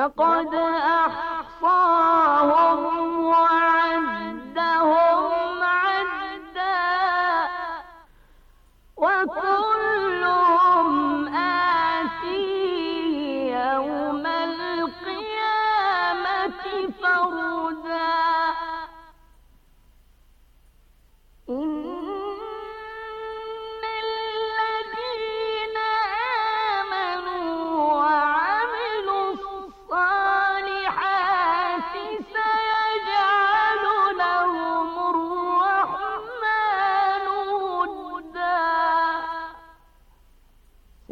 لقد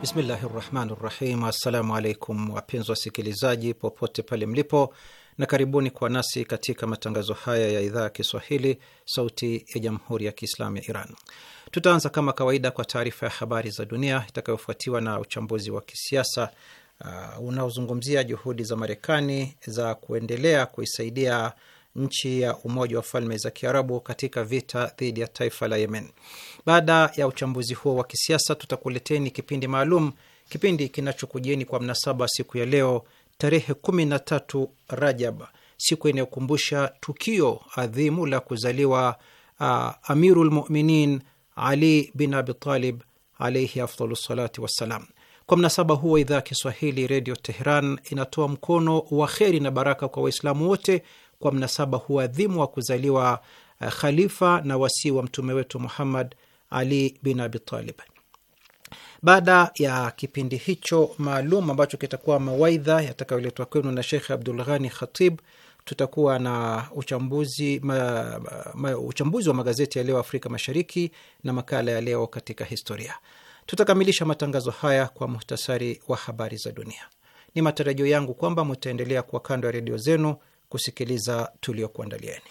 Bismillahi rahmani rahim. Assalamu alaikum wapenzi wasikilizaji popote pale mlipo, na karibuni kwa nasi katika matangazo haya ya idhaa ya Kiswahili sauti ya jamhuri ya Kiislamu ya Iran. Tutaanza kama kawaida kwa taarifa ya habari za dunia itakayofuatiwa na uchambuzi wa kisiasa uh, unaozungumzia juhudi za Marekani za kuendelea kuisaidia nchi ya Umoja wa Falme za Kiarabu katika vita dhidi ya taifa la Yemen. Baada ya uchambuzi huo wa kisiasa, tutakuleteni kipindi maalum, kipindi kinachokujieni kwa mnasaba siku ya leo tarehe 13 Rajab, siku inayokumbusha tukio adhimu la kuzaliwa uh, Amirul Muminin Ali bin Abitalib alaihi afdalu salati wassalam. Kwa mnasaba huo, idhaa ya Kiswahili Redio Teheran inatoa mkono wa kheri na baraka kwa Waislamu wote kwa mnasaba huu wa kuzaliwa eh, khalifa na wasii wa mtume wetu Muhammad Ali bin Abi Talib. Baada ya kipindi hicho maalum ambacho kitakuwa mawaidha yatakayoletwa kwenu na Shekh Abdul Ghani Khatib, tutakuwa na uchambuzi, ma, ma, uchambuzi wa magazeti ya leo Afrika Mashariki na makala ya leo katika historia. Tutakamilisha matangazo haya kwa muhtasari wa habari za dunia. Ni matarajio yangu kwamba mutaendelea kuwa kando ya redio zenu kusikiliza tuliokuandalieni.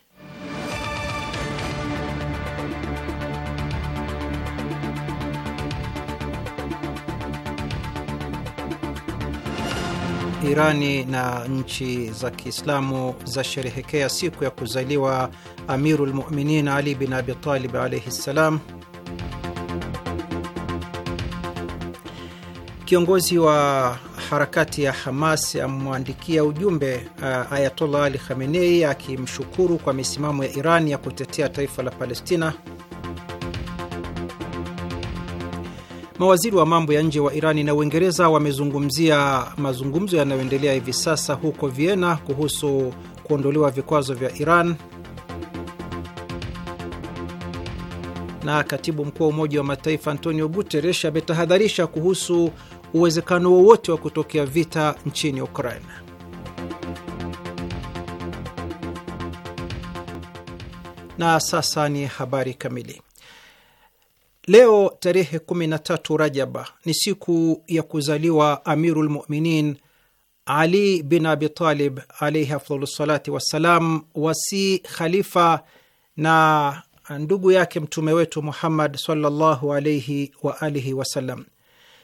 Irani na nchi za Kiislamu zasherehekea siku ya kuzaliwa Amiru lmuminin Ali bin abitalib alaihi ssalam. Kiongozi wa harakati ya Hamas amwandikia ujumbe uh, Ayatollah Ali Khamenei akimshukuru kwa misimamo ya Iran ya kutetea taifa la Palestina. Mawaziri wa mambo ya nje wa Irani na Uingereza wamezungumzia mazungumzo yanayoendelea hivi sasa huko Vienna kuhusu kuondolewa vikwazo vya Iran. Na katibu mkuu wa Umoja wa Mataifa Antonio Guterres ametahadharisha kuhusu uwezekano wowote wa kutokea vita nchini Ukraina. Na sasa ni habari kamili. Leo tarehe 13 Rajaba ni siku ya kuzaliwa Amiru lmuminin Ali bin Abitalib alaihi afdhalussalati wassalam, wasi khalifa na ndugu yake mtume wetu Muhammad sallallahu alaihi alihi wasallam.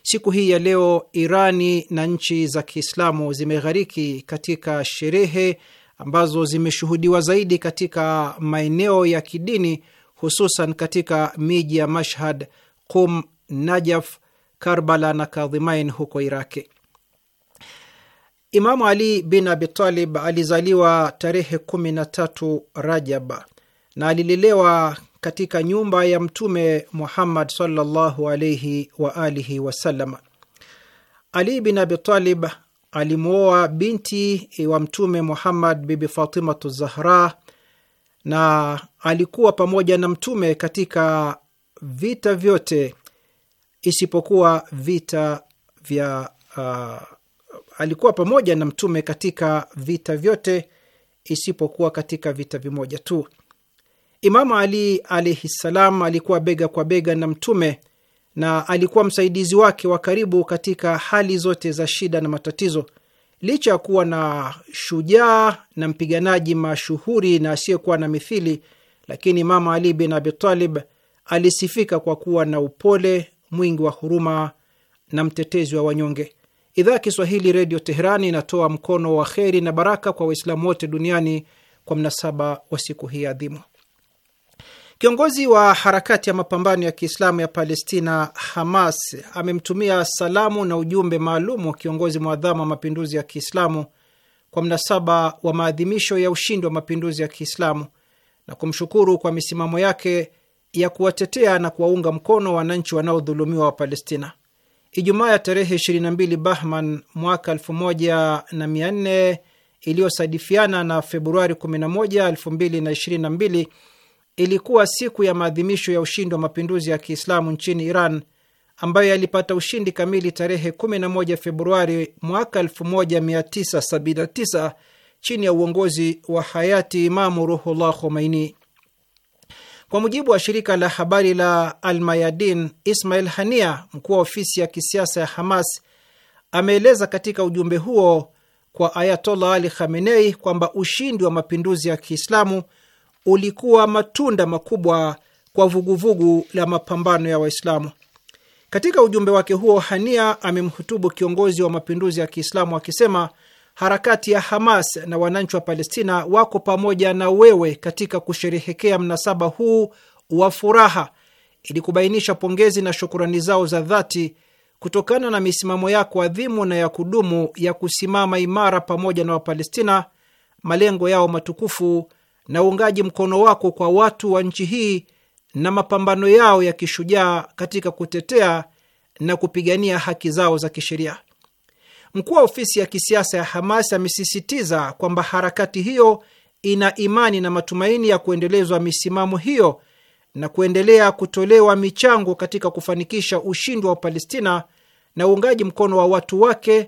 Siku hii ya leo Irani na nchi za Kiislamu zimeghariki katika sherehe ambazo zimeshuhudiwa zaidi katika maeneo ya kidini hususan katika miji ya Mashhad, Qum, Najaf, Karbala na Kadhimain huko Iraki. Imamu Ali bin Abitalib alizaliwa tarehe 13 Rajab na alilelewa katika nyumba ya Mtume Muhammad sallallahu alaihi wa alihi wasallam. Ali bin Abitalib alimwoa binti wa Mtume Muhammad, Bibi Fatimatu Zahra na alikuwa pamoja na mtume katika vita vyote isipokuwa vita vya uh, alikuwa pamoja na mtume katika vita vyote isipokuwa katika vita vimoja tu. Imamu Ali alaihi ssalam alikuwa bega kwa bega na mtume na alikuwa msaidizi wake wa karibu katika hali zote za shida na matatizo. Licha ya kuwa na shujaa na mpiganaji mashuhuri na asiyekuwa na mithili, lakini Mama Ali bin Abi Talib alisifika kwa kuwa na upole mwingi wa huruma na mtetezi wa wanyonge. Idhaa ya Kiswahili Redio Teheran inatoa mkono wa kheri na baraka kwa Waislamu wote duniani kwa mnasaba wa siku hii adhimu. Kiongozi wa harakati ya mapambano ya Kiislamu ya Palestina, Hamas, amemtumia salamu na ujumbe maalumu kiongozi mwadhamu wa mapinduzi ya Kiislamu kwa mnasaba wa maadhimisho ya ushindi wa mapinduzi ya Kiislamu na kumshukuru kwa misimamo yake ya kuwatetea na kuwaunga mkono wananchi wanaodhulumiwa wa Palestina. Ijumaa ya tarehe 22 Bahman mwaka 1400 iliyosadifiana na Februari 11, 2022 ilikuwa siku ya maadhimisho ya ushindi wa mapinduzi ya Kiislamu nchini Iran ambayo yalipata ushindi kamili tarehe 11 Februari mwaka 1979 chini ya uongozi wa hayati Imamu Ruhullah Khomeini. Kwa mujibu wa shirika la habari la Almayadin, Ismail Hania, mkuu wa ofisi ya kisiasa ya Hamas, ameeleza katika ujumbe huo kwa Ayatollah Ali Khamenei kwamba ushindi wa mapinduzi ya Kiislamu ulikuwa matunda makubwa kwa vuguvugu vugu la mapambano ya Waislamu. Katika ujumbe wake huo, Hania amemhutubu kiongozi wa mapinduzi ya Kiislamu akisema harakati ya Hamas na wananchi wa Palestina wako pamoja na wewe katika kusherehekea mnasaba huu wa furaha ili kubainisha pongezi na shukurani zao za dhati kutokana na misimamo yako adhimu na ya kudumu ya kusimama imara pamoja na Wapalestina, malengo yao matukufu na uungaji mkono wako kwa watu wa nchi hii na mapambano yao ya kishujaa katika kutetea na kupigania haki zao za kisheria. Mkuu wa ofisi ya kisiasa ya Hamas amesisitiza kwamba harakati hiyo ina imani na matumaini ya kuendelezwa misimamo hiyo na kuendelea kutolewa michango katika kufanikisha ushindi wa Palestina na uungaji mkono wa watu wake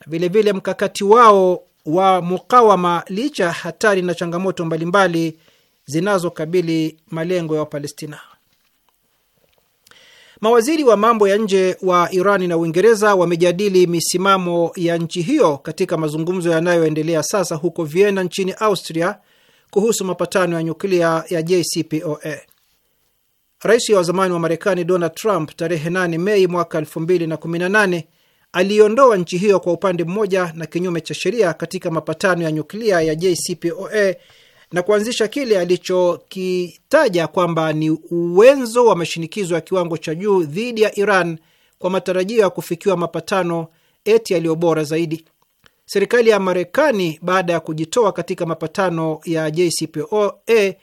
na vilevile mkakati wao wa mukawama licha hatari na changamoto mbalimbali zinazokabili malengo ya Wapalestina. Mawaziri wa mambo ya nje wa Irani na Uingereza wamejadili misimamo ya nchi hiyo katika mazungumzo yanayoendelea sasa huko Vienna nchini Austria kuhusu mapatano ya nyuklia ya JCPOA. Rais wa zamani wa Marekani Donald Trump tarehe 8 Mei mwaka 2018 aliondoa nchi hiyo kwa upande mmoja na kinyume cha sheria katika mapatano ya nyuklia ya JCPOA na kuanzisha kile alichokitaja kwamba ni uwenzo wa mashinikizo ya kiwango cha juu dhidi ya Iran kwa matarajio ya kufikiwa mapatano eti yaliyo bora zaidi. Serikali ya Marekani baada ya kujitoa katika mapatano ya JCPOA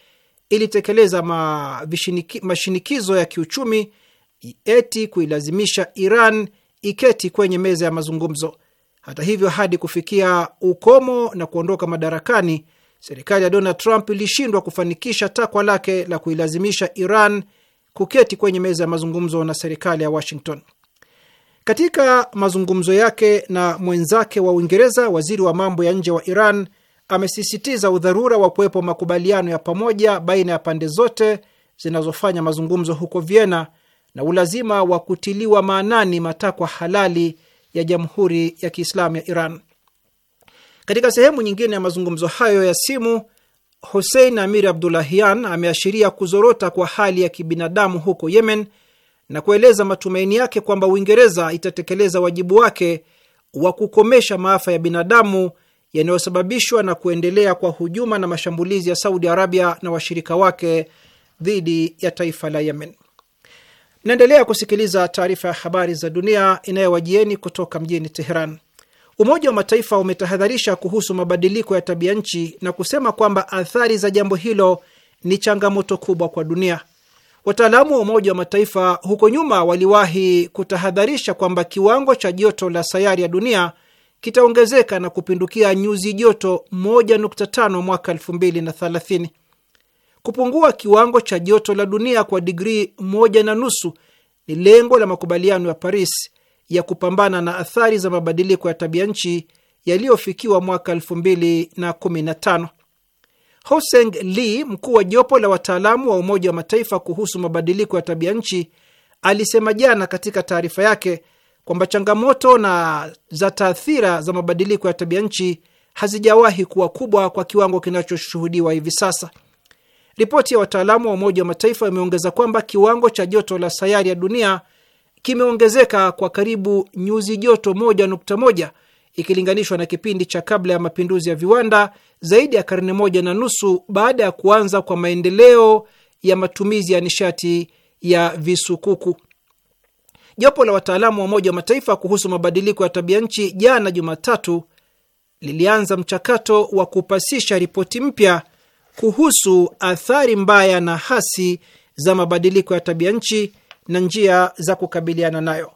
ilitekeleza ma, mashinikizo ya kiuchumi eti kuilazimisha Iran iketi kwenye meza ya mazungumzo. Hata hivyo, hadi kufikia ukomo na kuondoka madarakani, serikali ya Donald Trump ilishindwa kufanikisha takwa lake la kuilazimisha Iran kuketi kwenye meza ya mazungumzo na serikali ya Washington. Katika mazungumzo yake na mwenzake wa Uingereza, waziri wa mambo ya nje wa Iran amesisitiza udharura wa kuwepo makubaliano ya pamoja baina ya pande zote zinazofanya mazungumzo huko Vienna na ulazima wa kutiliwa maanani matakwa halali ya Jamhuri ya Kiislamu ya Iran. Katika sehemu nyingine ya mazungumzo hayo ya simu, Hussein Amir Abdullahian ameashiria kuzorota kwa hali ya kibinadamu huko Yemen na kueleza matumaini yake kwamba Uingereza itatekeleza wajibu wake wa kukomesha maafa ya binadamu yanayosababishwa na kuendelea kwa hujuma na mashambulizi ya Saudi Arabia na washirika wake dhidi ya taifa la Yemen. Mnaendelea kusikiliza taarifa ya habari za dunia inayowajieni kutoka mjini Teheran. Umoja wa Mataifa umetahadharisha kuhusu mabadiliko ya tabia nchi na kusema kwamba athari za jambo hilo ni changamoto kubwa kwa dunia. Wataalamu wa Umoja wa Mataifa huko nyuma waliwahi kutahadharisha kwamba kiwango cha joto la sayari ya dunia kitaongezeka na kupindukia nyuzi joto 1.5 mwaka 2030 kupungua kiwango cha joto la dunia kwa digrii moja na nusu ni lengo la makubaliano ya Paris ya kupambana na athari za mabadiliko ya tabia nchi yaliyofikiwa mwaka 2015. Hoseng Lee, mkuu wa jopo la wataalamu wa Umoja wa Mataifa kuhusu mabadiliko ya tabia nchi, alisema jana katika taarifa yake kwamba changamoto na za taathira za mabadiliko ya tabia nchi hazijawahi kuwa kubwa kwa kiwango kinachoshuhudiwa hivi sasa. Ripoti ya wataalamu wa Umoja wa Mataifa imeongeza kwamba kiwango cha joto la sayari ya dunia kimeongezeka kwa karibu nyuzi joto moja nukta moja ikilinganishwa na kipindi cha kabla ya mapinduzi ya viwanda zaidi ya karne moja na nusu baada ya kuanza kwa maendeleo ya matumizi ya nishati ya visukuku. Jopo la wataalamu wa Umoja wa Mataifa kuhusu mabadiliko ya tabia nchi jana Jumatatu lilianza mchakato wa kupasisha ripoti mpya kuhusu athari mbaya na hasi za mabadiliko ya tabia nchi na njia za kukabiliana nayo.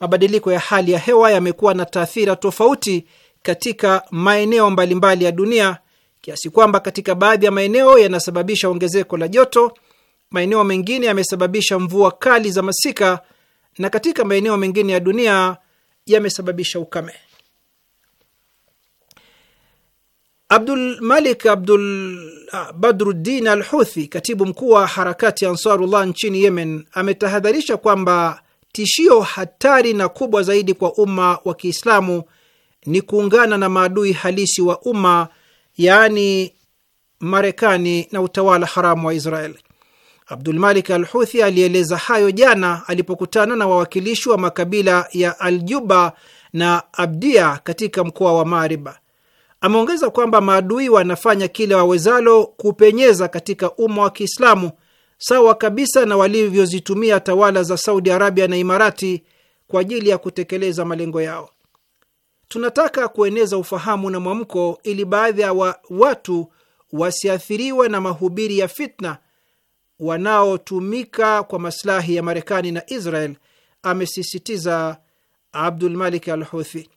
Mabadiliko ya hali ya hewa yamekuwa na taathira tofauti katika maeneo mbalimbali ya dunia kiasi kwamba katika baadhi ya maeneo yanasababisha ongezeko la joto, maeneo mengine yamesababisha mvua kali za masika, na katika maeneo mengine ya dunia yamesababisha ukame. Abdul Malik Abdul ah, Badruddin Al Huthi, katibu mkuu wa harakati Ansarullah nchini Yemen, ametahadharisha kwamba tishio hatari na kubwa zaidi kwa umma wa Kiislamu ni kuungana na maadui halisi wa umma, yaani Marekani na utawala haramu wa Israel. Abdul Malik Al Huthi alieleza hayo jana alipokutana na wawakilishi wa makabila ya Aljuba na Abdia katika mkoa wa Mariba. Ameongeza kwamba maadui wanafanya kile wawezalo kupenyeza katika umma wa Kiislamu, sawa kabisa na walivyozitumia tawala za Saudi Arabia na Imarati kwa ajili ya kutekeleza malengo yao. Tunataka kueneza ufahamu na mwamko ili baadhi ya wa watu wasiathiriwe na mahubiri ya fitna wanaotumika kwa maslahi ya Marekani na Israel, amesisitiza Abdul Malik Al huthi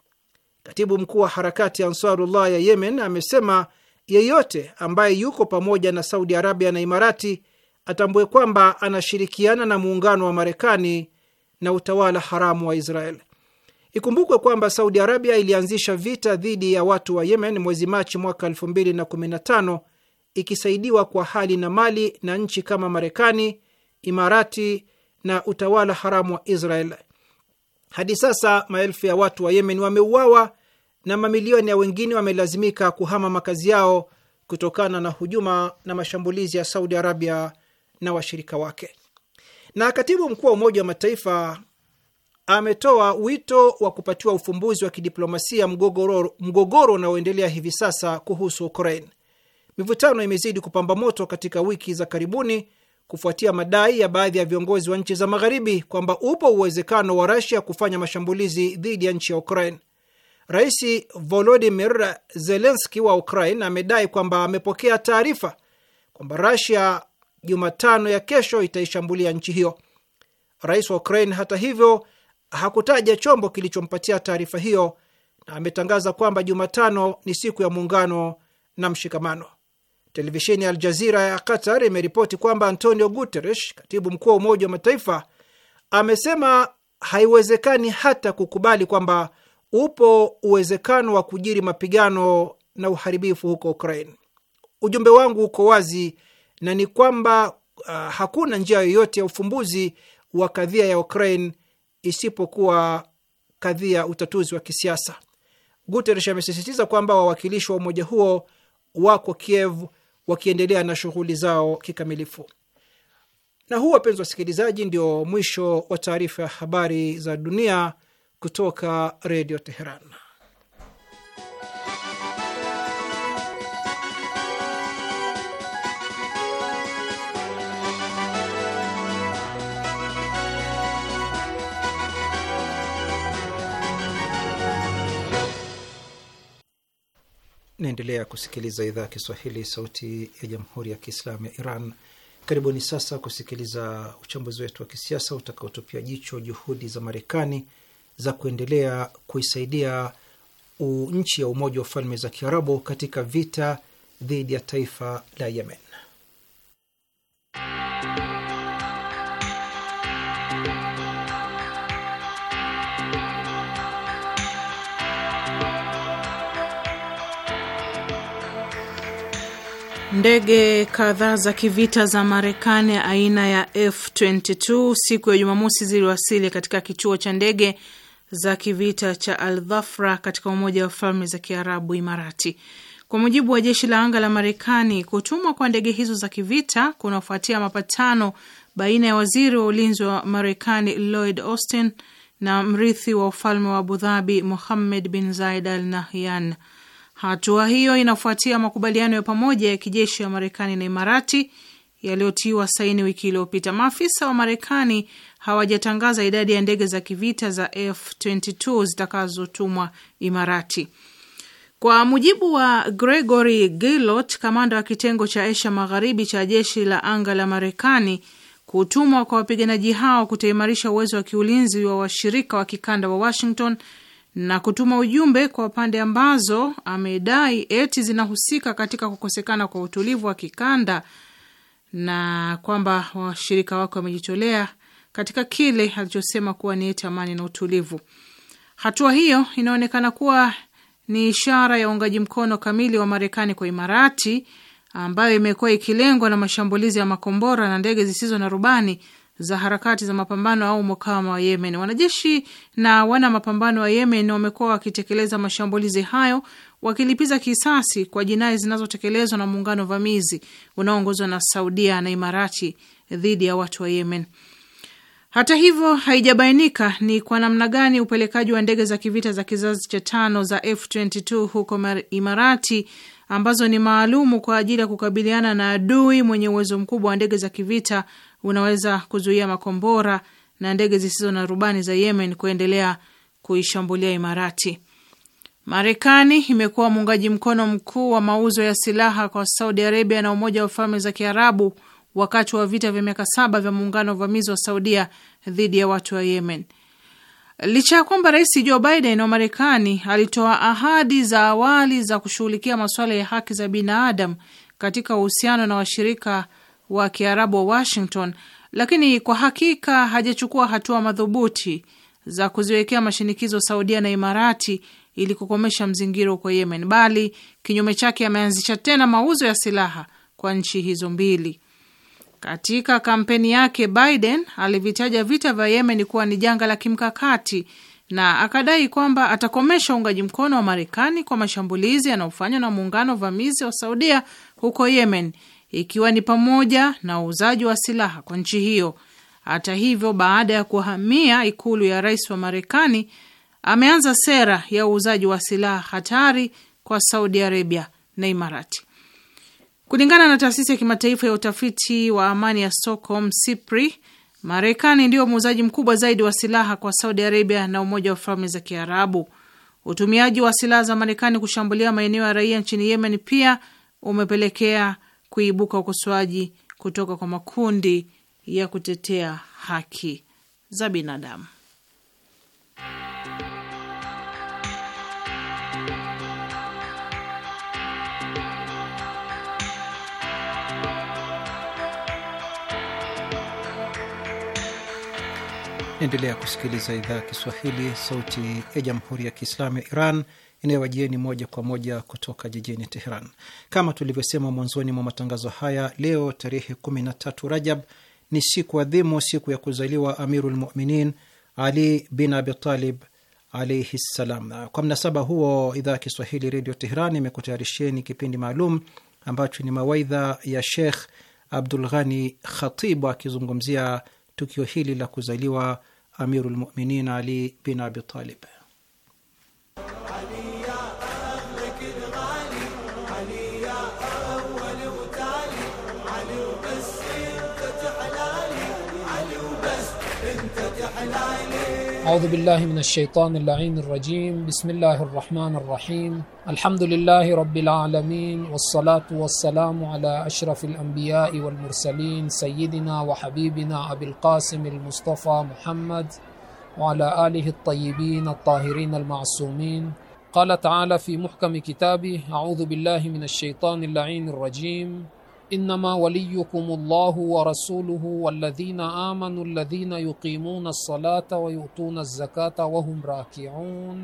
Katibu mkuu wa harakati Ansarullah ya Yemen amesema yeyote ambaye yuko pamoja na Saudi Arabia na Imarati atambue kwamba anashirikiana na muungano wa Marekani na utawala haramu wa Israel. Ikumbukwe kwamba Saudi Arabia ilianzisha vita dhidi ya watu wa Yemen mwezi Machi mwaka 2015 ikisaidiwa kwa hali na mali na nchi kama Marekani, Imarati na utawala haramu wa Israel hadi sasa maelfu ya watu wa Yemen wameuawa na mamilioni ya wengine wamelazimika kuhama makazi yao kutokana na hujuma na mashambulizi ya Saudi Arabia na washirika wake. Na katibu mkuu wa Umoja wa Mataifa ametoa wito wa kupatiwa ufumbuzi wa kidiplomasia mgogoro mgogoro unaoendelea hivi sasa kuhusu Ukraine. Mivutano imezidi kupamba moto katika wiki za karibuni kufuatia madai ya baadhi ya viongozi wa nchi za Magharibi kwamba upo uwezekano wa Rasia kufanya mashambulizi dhidi ya nchi ya Ukraine. Rais Volodimir Zelenski wa Ukraine amedai kwamba amepokea taarifa kwamba Rasia Jumatano ya kesho itaishambulia nchi hiyo. Rais wa Ukraine hata hivyo hakutaja chombo kilichompatia taarifa hiyo na ametangaza kwamba Jumatano ni siku ya muungano na mshikamano. Televisheni ya Aljazira ya Qatar imeripoti kwamba Antonio Guterres, katibu mkuu wa Umoja wa Mataifa, amesema haiwezekani hata kukubali kwamba upo uwezekano wa kujiri mapigano na uharibifu huko Ukraine. Ujumbe wangu uko wazi na ni kwamba uh, hakuna njia yoyote ya ufumbuzi wa kadhia ya Ukraine isipokuwa kadhia utatuzi wa kisiasa. Guterres amesisitiza kwamba wawakilishi wa umoja huo wako Kiev wakiendelea na shughuli zao kikamilifu. Na huu, wapenzi wasikilizaji, ndio mwisho wa taarifa ya habari za dunia kutoka Redio Teheran. Naendelea kusikiliza idhaa ya Kiswahili, sauti ya jamhuri ya kiislamu ya Iran. Karibuni sasa kusikiliza uchambuzi wetu wa kisiasa utakaotupia jicho juhudi za Marekani za kuendelea kuisaidia nchi ya Umoja wa Falme za Kiarabu katika vita dhidi ya taifa la Yemen. Ndege kadhaa za kivita za Marekani aina ya F22 siku ya Jumamosi ziliwasili katika kituo cha ndege za kivita cha Al Dhafra katika Umoja wa Falme za Kiarabu, Imarati. Kwa mujibu wa jeshi la anga la Marekani, kutumwa kwa ndege hizo za kivita kunafuatia mapatano baina ya waziri wa ulinzi wa Marekani Lloyd Austin na mrithi wa ufalme wa Abu Dhabi muhammed bin zaid Al Nahyan. Hatua hiyo inafuatia makubaliano ya pamoja ya kijeshi ya Marekani na Imarati yaliyotiwa saini wiki iliyopita. Maafisa wa Marekani hawajatangaza idadi ya ndege za kivita za F22 zitakazotumwa Imarati. Kwa mujibu wa Gregory Gilot, kamanda wa kitengo cha Asia Magharibi cha jeshi la anga la Marekani, kutumwa kwa wapiganaji hao kutaimarisha uwezo wa kiulinzi wa washirika wa kikanda wa Washington na kutuma ujumbe kwa pande ambazo amedai eti zinahusika katika kukosekana kwa utulivu wa kikanda na kwamba washirika wake wamejitolea katika kile alichosema kuwa ni eti amani na utulivu. Hatua hiyo inaonekana kuwa ni ishara ya uungaji mkono kamili wa Marekani kwa Imarati ambayo imekuwa ikilengwa na mashambulizi ya makombora na ndege zisizo na rubani za harakati za mapambano au mukawama wa Yemen. Wanajeshi na wana mapambano wa Yemen wamekuwa wakitekeleza mashambulizi hayo wakilipiza kisasi kwa jinai zinazotekelezwa na muungano vamizi unaoongozwa na Saudia na Imarati dhidi ya watu wa Yemen. Hata hivyo, haijabainika ni kwa namna gani upelekaji wa ndege za kivita za kizazi cha tano za F22 huko Imarati ambazo ni maalumu kwa ajili ya kukabiliana na adui mwenye uwezo mkubwa wa ndege za kivita unaweza kuzuia makombora na ndege zisizo na rubani za Yemen kuendelea kuishambulia Imarati. Marekani imekuwa muungaji mkono mkuu wa mauzo ya silaha kwa Saudi Arabia na Umoja wa Falme za Kiarabu wakati wa vita vya miaka saba vya muungano wa uvamizi wa Saudia dhidi ya watu wa Yemen. Licha ya kwamba Rais Joe Biden wa Marekani alitoa ahadi za awali za kushughulikia masuala ya haki za binadamu katika uhusiano na washirika wa Kiarabu wa Washington, lakini kwa hakika hajachukua hatua madhubuti za kuziwekea mashinikizo Saudia na Imarati ili kukomesha mzingiro huko Yemen, bali kinyume chake ameanzisha tena mauzo ya silaha kwa nchi hizo mbili. Katika kampeni yake, Biden alivitaja vita vya Yemen kuwa ni janga la kimkakati na akadai kwamba atakomesha uungaji mkono wa Marekani kwa mashambulizi yanayofanywa na muungano vamizi wa Saudia huko Yemen ikiwa ni pamoja na uuzaji wa silaha kwa nchi hiyo. Hata hivyo, baada ya kuhamia ikulu ya rais wa Marekani, ameanza sera ya uuzaji wa silaha hatari kwa Saudi Arabia na Imarati. Kulingana na taasisi ya kimataifa ya utafiti wa amani ya Stockholm, SIPRI, Marekani ndiyo muuzaji mkubwa zaidi wa silaha kwa Saudi Arabia na Umoja wa Falme za Kiarabu. Utumiaji wa silaha za Marekani kushambulia maeneo ya raia nchini Yemen pia umepelekea kuibuka ukosoaji kutoka kwa makundi ya kutetea haki za binadamu. Endelea kusikiliza idhaa ya Kiswahili, sauti ya jamhuri ya kiislamu ya Iran inayowajieni moja kwa moja kutoka jijini Teheran. Kama tulivyosema mwanzoni mwa matangazo haya, leo tarehe 13 Rajab ni siku adhimu, siku ya kuzaliwa Amiru lmuminin Ali bin Abitalib alaihi ssalam. Kwa mnasaba huo, idhaa ya Kiswahili Redio Teheran imekutayarisheni kipindi maalum ambacho ni mawaidha ya shekh Abdul Ghani Khatib akizungumzia tukio hili la kuzaliwa Amiru lmuminin Ali bin Abitalib. أعوذ بالله من الشيطان اللعين الرجيم بسم الله الرحمن الرحيم الحمد لله رب العالمين والصلاة والسلام على أشرف الأنبياء والمرسلين سيدنا وحبيبنا أبي القاسم المصطفى محمد وعلى آله الطيبين الطاهرين المعصومين قال تعالى في محكم كتابه أعوذ بالله من الشيطان اللعين الرجيم انما وليكم الله ورسوله والذين امنوا الذين يقيمون الصلاه ويؤتون الزكاه وهم راكعون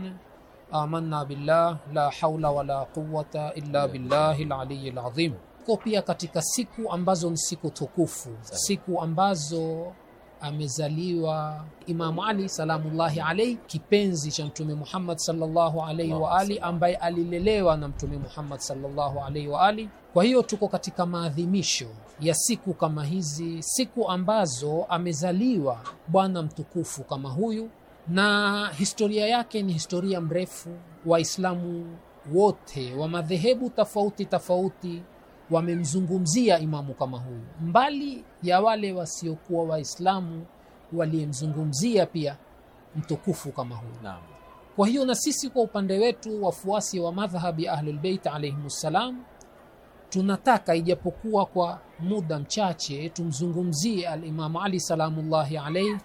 آمنا بالله لا حول ولا قوه الا بالله العلي العظيم كوبيا pia katika siku ambazo ni siku tukufu, siku ambazo amezaliwa Imam Ali salamullahi alayhi kipenzi cha Mtume Muhammad sallallahu alayhi wa ali, ambaye alilelewa na Mtume Muhammad sallallahu alayhi wa ali kwa hiyo tuko katika maadhimisho ya siku kama hizi, siku ambazo amezaliwa bwana mtukufu kama huyu, na historia yake ni historia mrefu. Waislamu wote wa madhehebu tofauti tofauti wamemzungumzia imamu kama huyu, mbali ya wale wasiokuwa Waislamu waliyemzungumzia pia mtukufu kama huyu naam. Kwa hiyo na sisi kwa upande wetu wafuasi wa madhhabi Ahlulbeit alaihim ssalam tunataka ijapokuwa kwa muda mchache tumzungumzie alimamu Ali salamullahi alaihi,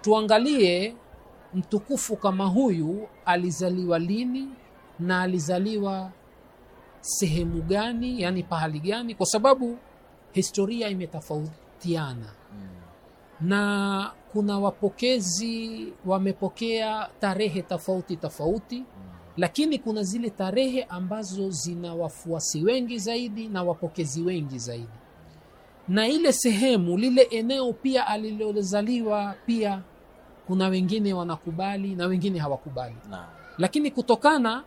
tuangalie mtukufu kama huyu alizaliwa lini na alizaliwa sehemu gani, yani pahali gani, kwa sababu historia imetofautiana hmm. na kuna wapokezi wamepokea tarehe tofauti tofauti mm lakini kuna zile tarehe ambazo zina wafuasi wengi zaidi na wapokezi wengi zaidi na ile sehemu lile eneo pia alilozaliwa pia kuna wengine wanakubali na wengine hawakubali na. lakini kutokana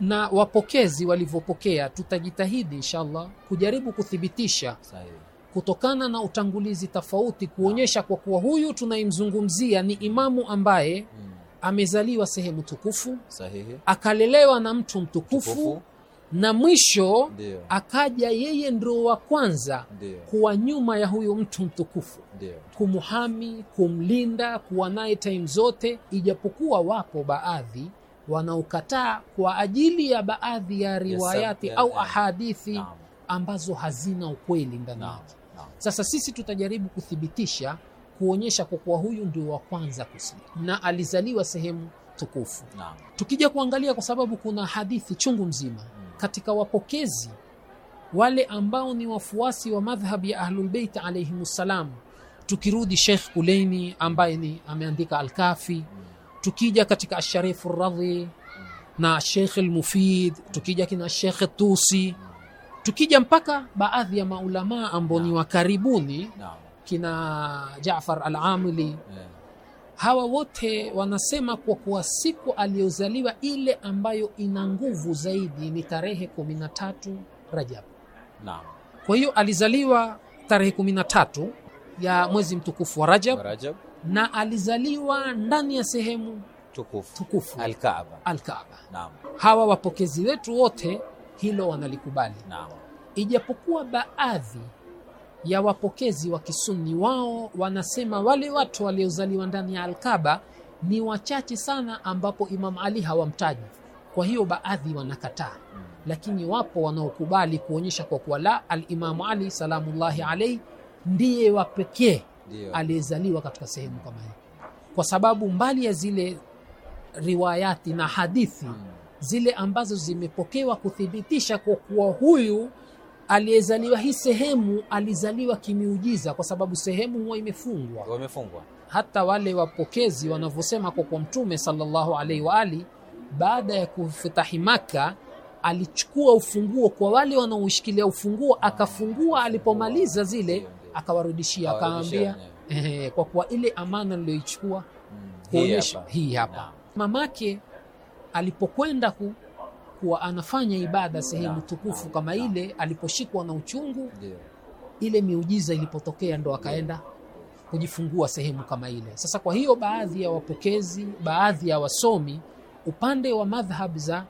na wapokezi walivyopokea tutajitahidi inshallah kujaribu kuthibitisha Sahi. kutokana na utangulizi tofauti kuonyesha kwa kuwa huyu tunayemzungumzia ni imamu ambaye hmm amezaliwa sehemu tukufu sahihi, akalelewa na mtu mtukufu tukufu. Na mwisho Dio. Akaja yeye ndio wa kwanza Dio. Kuwa nyuma ya huyo mtu mtukufu Dio. kumlinda, kuwa naye time zote, ijapokuwa wapo baadhi wanaokataa kwa ajili ya baadhi ya riwayati yes, au ahadithi yeah, ambazo hazina ukweli ndani yake. Sasa sisi tutajaribu kuthibitisha kuonyesha kwa kuwa huyu ndio wa kwanza kusikia na alizaliwa sehemu tukufu na. Tukija kuangalia kwa sababu kuna hadithi chungu mzima hmm. katika wapokezi wale ambao ni wafuasi wa madhhabi ya Ahlulbeiti alaihimussalam, tukirudi Sheikh Kuleini ambaye ni ameandika Alkafi, hmm. tukija katika Asharifu Radhi hmm. na Sheikh lmufid hmm. tukija kina Sheikh Tusi, tukija mpaka baadhi ya maulamaa ambao ni wa karibuni kina Jaafar al-Amili yeah. Hawa wote wanasema kwa kuwa siku aliyozaliwa ile ambayo ina nguvu zaidi ni tarehe 13 Rajab naam. Kwa hiyo alizaliwa tarehe 13 ya mwezi mtukufu wa Rajab, Rajab. Na alizaliwa ndani ya sehemu tukufu, tukufu. Al-Kaaba. Al-Kaaba. Naam. Hawa wapokezi wetu wote hilo wanalikubali naam. Ijapokuwa baadhi ya wapokezi wa Kisuni, wao wanasema wale watu waliozaliwa ndani ya Alkaba ni wachache sana, ambapo Imam Ali hawamtaji. Kwa hiyo baadhi wanakataa, lakini wapo wanaokubali kuonyesha kwa kuwa la, Alimamu Ali salamullahi alaihi ndiye wa pekee aliyezaliwa katika sehemu kama hii, kwa sababu mbali ya zile riwayati na hadithi hmm. zile ambazo zimepokewa kuthibitisha kwa kuwa huyu aliyezaliwa hii sehemu alizaliwa kimiujiza, kwa sababu sehemu huwa imefungwa, imefungwa. Hata wale wapokezi wanavyosema kwa kwa Mtume sallallahu alaihi wa ali, baada ya kufutahi Maka alichukua ufunguo kwa wale wanaoshikilia ufunguo, akafungua. Alipomaliza zile akawarudishia, akawaambia eh, kwa kuwa ile amana niliyoichukua kuonyesha mm, hii hapa. Mamake alipokwenda ku kuwa anafanya ibada sehemu tukufu kama ile aliposhikwa na uchungu, ile miujiza ilipotokea, ndo akaenda kujifungua sehemu kama ile. Sasa kwa hiyo, baadhi ya wapokezi, baadhi ya wasomi upande wa madhhab za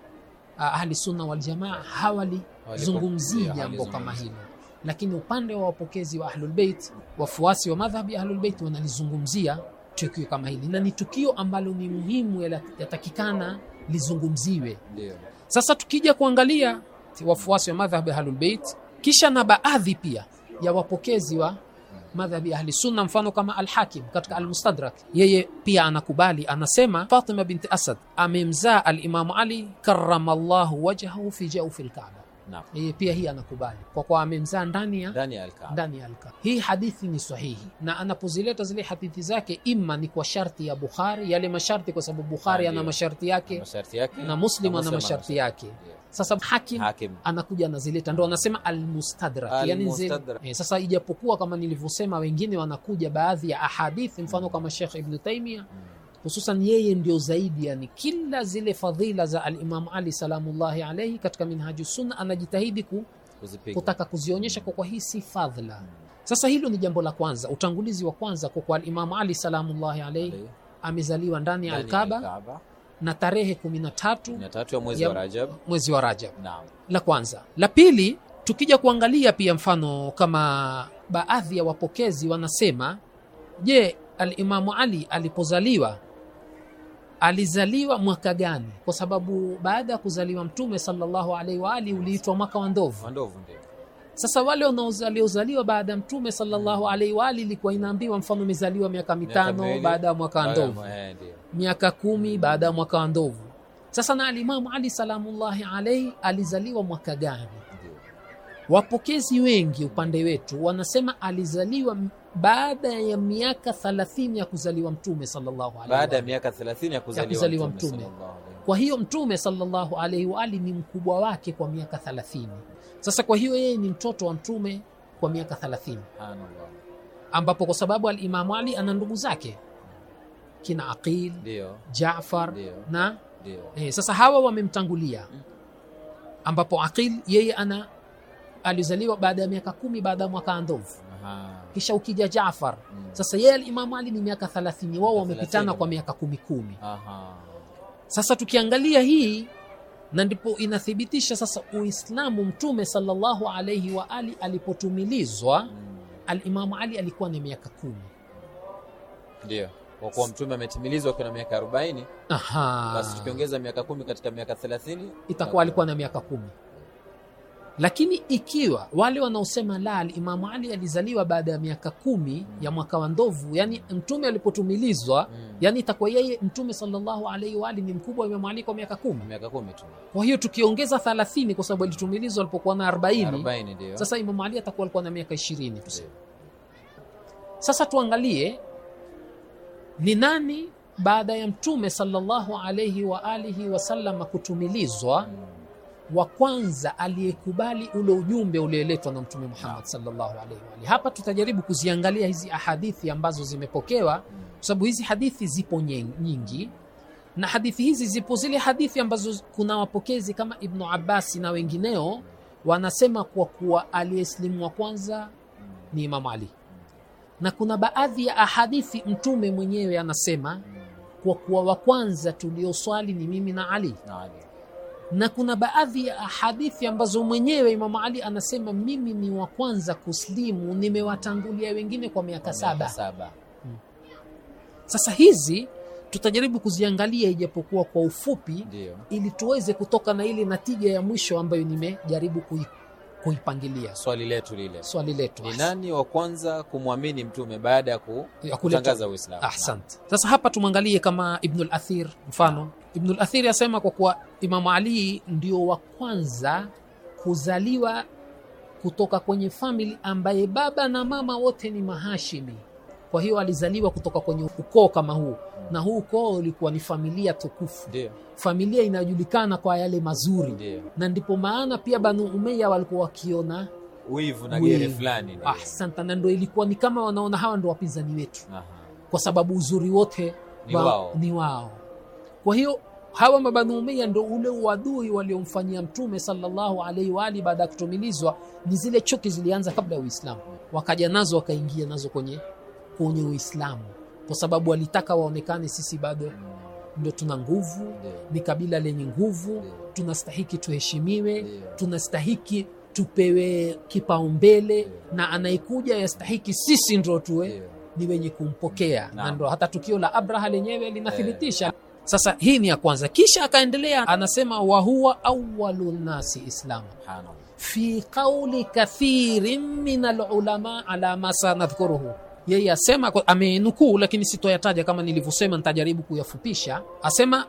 ah, Ahli Sunna wal Jamaa hawalizungumzii jambo kama hilo, lakini upande wa wapokezi wa Ahlul Bait, wafuasi wa madhhabi ya Ahlul Bait wanalizungumzia tukio kama hili, na ni tukio ambalo ni muhimu, yatakikana lizungumziwe. Sasa tukija kuangalia wafuasi wa madhhabi ya Bait, kisha na baadhi pia ya wapokezi wa madhhabi ya ahlisunna Sunna, mfano kama Al-Hakim katika Al-Mustadrak, yeye pia anakubali, anasema Fatima binti Asad amemzaa Al-Imamu Ali karramallahu wajhahu fi jawfil Kaaba. Naam. yeye pia hii anakubali kwa kuwa amemzaa ndani ya ndani ya alka. Hii hadithi ni sahihi, na anapozileta zile hadithi zake, ima ni kwa sharti ya Bukhari, yale masharti, kwa sababu Bukhari ah, ana masharti yake, masharti yake na Muslim ana masharti yake. Sasa hakim, hakim anakuja anazileta, ndo anasema almustadrak al yani e. Sasa ijapokuwa kama nilivyosema, wengine wanakuja baadhi ya ahadithi, mfano kama Sheikh Ibn Taymiyyah mm hususan yeye ndio zaidi, yani kila zile fadhila za Alimamu Ali salamullahi alaihi katika Minhaju Sunna anajitahidi ku, kutaka kuzionyesha kwa kwa hii si fadhila. Sasa hilo ni jambo la kwanza, utangulizi wa kwanza kwa kwa Alimamu Ali salamullahi alaihi amezaliwa ndani ya Alkaba na tarehe 13 ya mwezi wa Rajab, mwezi wa Rajab. La kwanza. La pili, tukija kuangalia pia mfano kama baadhi ya wapokezi wanasema, je, Alimamu Ali alipozaliwa alizaliwa mwaka gani, kwa sababu baada ya kuzaliwa Mtume sallallahu alaihi wa uliitwa mwaka wa ndovu. sasa wale waliozaliwa baada ya Mtume sallallahu alaihi wa ali ilikuwa inaambiwa, mfano umezaliwa miaka mitano baada ya mwaka wa ndovu, eh, miaka kumi baada ya mwaka wa ndovu. Sasa na alimamu Ali salamullahi alaihi alizaliwa mwaka gani? Wapokezi wengi upande wetu wanasema alizaliwa baada ya miaka 30 ya kuzaliwa mtume sallallahu alaihi baada ya miaka 30 ya kuzaliwa, ya kuzaliwa mtume, mtume. Kwa hiyo mtume sallallahu alaihi wa ali ni mkubwa wake kwa miaka 30. Sasa kwa hiyo yeye ni mtoto wa mtume kwa miaka 30, ambapo kwa sababu alimamu Ali ana ndugu zake kina Aqil, Jaafar na Eh, sasa hawa wamemtangulia, ambapo Aqil yeye ana alizaliwa baada ya miaka kumi baada ya mwaka andovu kisha ukija Jaafar mm. Sasa yeye alimamu Ali ni miaka 30, wao wamepitana kwa miaka kumi kumi. Aha. Sasa tukiangalia hii na ndipo inathibitisha sasa Uislamu. Mtume sallallahu alaihi wa ali alipotumilizwa mm. Alimamu Ali alikuwa na miaka kumi, ndio kwa kuwa mtume ametimilizwa kwa miaka 40. Aha. Basi tukiongeza miaka kumi katika miaka 30 itakuwa alikuwa na miaka kumi. Lakini ikiwa wale wanaosema la, Imamu Ali alizaliwa baada ya miaka kumi mm. ya mwaka wa ndovu, yani mtume alipotumilizwa mm. yani itakuwa yeye mtume sallallahu alaihi ni mkubwa wa Imamu Ali kwa miaka kumi, Kwa hiyo tukiongeza thalathini kwa sababu alitumilizwa alipokuwa na arobaini sasa Imamu Ali atakuwa alikuwa na miaka ishirini Sasa tuangalie ni nani baada ya mtume salllahu alaihi waalihi wasalama kutumilizwa mm wa kwanza aliyekubali ule ujumbe ulioletwa na Mtume Muhammad sallallahu alaihi wa alihi. Hapa tutajaribu kuziangalia hizi ahadithi ambazo zimepokewa, kwa sababu hizi hadithi zipo nyingi, na hadithi hizi zipo zile hadithi ambazo kuna wapokezi kama Ibnu abasi na wengineo wanasema kwa kuwa aliyeslimu wa kwanza ni Imam Ali, na kuna baadhi ya ahadithi Mtume mwenyewe anasema kwa kuwa wa kwanza tulioswali ni mimi na Ali, na Ali na kuna baadhi ya hadithi ambazo mwenyewe Imam Ali anasema mimi ni wa kwanza kuslimu, nimewatangulia wengine kwa miaka saba, Hmm. Sasa hizi tutajaribu kuziangalia ijapokuwa kwa ufupi Dio. ili tuweze kutoka na ile natija ya mwisho ambayo nimejaribu kui, kuipangilia swali letu lile. Swali letu ni nani wa kwanza kumwamini mtume baada ya kutangaza Uislamu? Ahsante. Sasa hapa tumwangalie kama Ibnul Athir mfano Ibnul Athiri asema kwa kuwa Imamu Ali ndio wa kwanza kuzaliwa kutoka kwenye famili ambaye baba na mama wote ni Mahashimi. Kwa hiyo alizaliwa kutoka kwenye ukoo kama huu, na huu ukoo ulikuwa ni familia tukufu Deo. Familia inayojulikana kwa yale mazuri Deo. Na ndipo maana pia Banu Umayya walikuwa wakiona wivu na gere fulani. Ahsanta, na ndio ilikuwa ni kama wanaona hawa ndio wapinzani wetu. Aha. Kwa sababu uzuri wote ni wao, ni wao. Kwa hiyo hawa mabadhumia ndo ule uadui waliomfanyia Mtume sallallahu alaihi wa Baada ya kutumilizwa, ni zile chuki zilianza kabla ya Uislamu, wakaja nazo wakaingia nazo kwenye kwenye Uislamu, kwa sababu walitaka waonekane sisi bado ndo tuna nguvu, ni kabila lenye nguvu, tunastahiki tuheshimiwe, tunastahiki tupewe kipaumbele, na anayekuja yastahiki sisi ndo tuwe ni wenye kumpokea, na ndo hata tukio la Abraha lenyewe linathibitisha eh. Sasa hii ni ya kwanza, kisha akaendelea anasema, wahuwa awalu nasi islama fi qauli kathirin min alulama ala ma sanadhkuruhu yeye asema, amenukuu lakini sitoyataja. Kama nilivyosema, nitajaribu kuyafupisha. Asema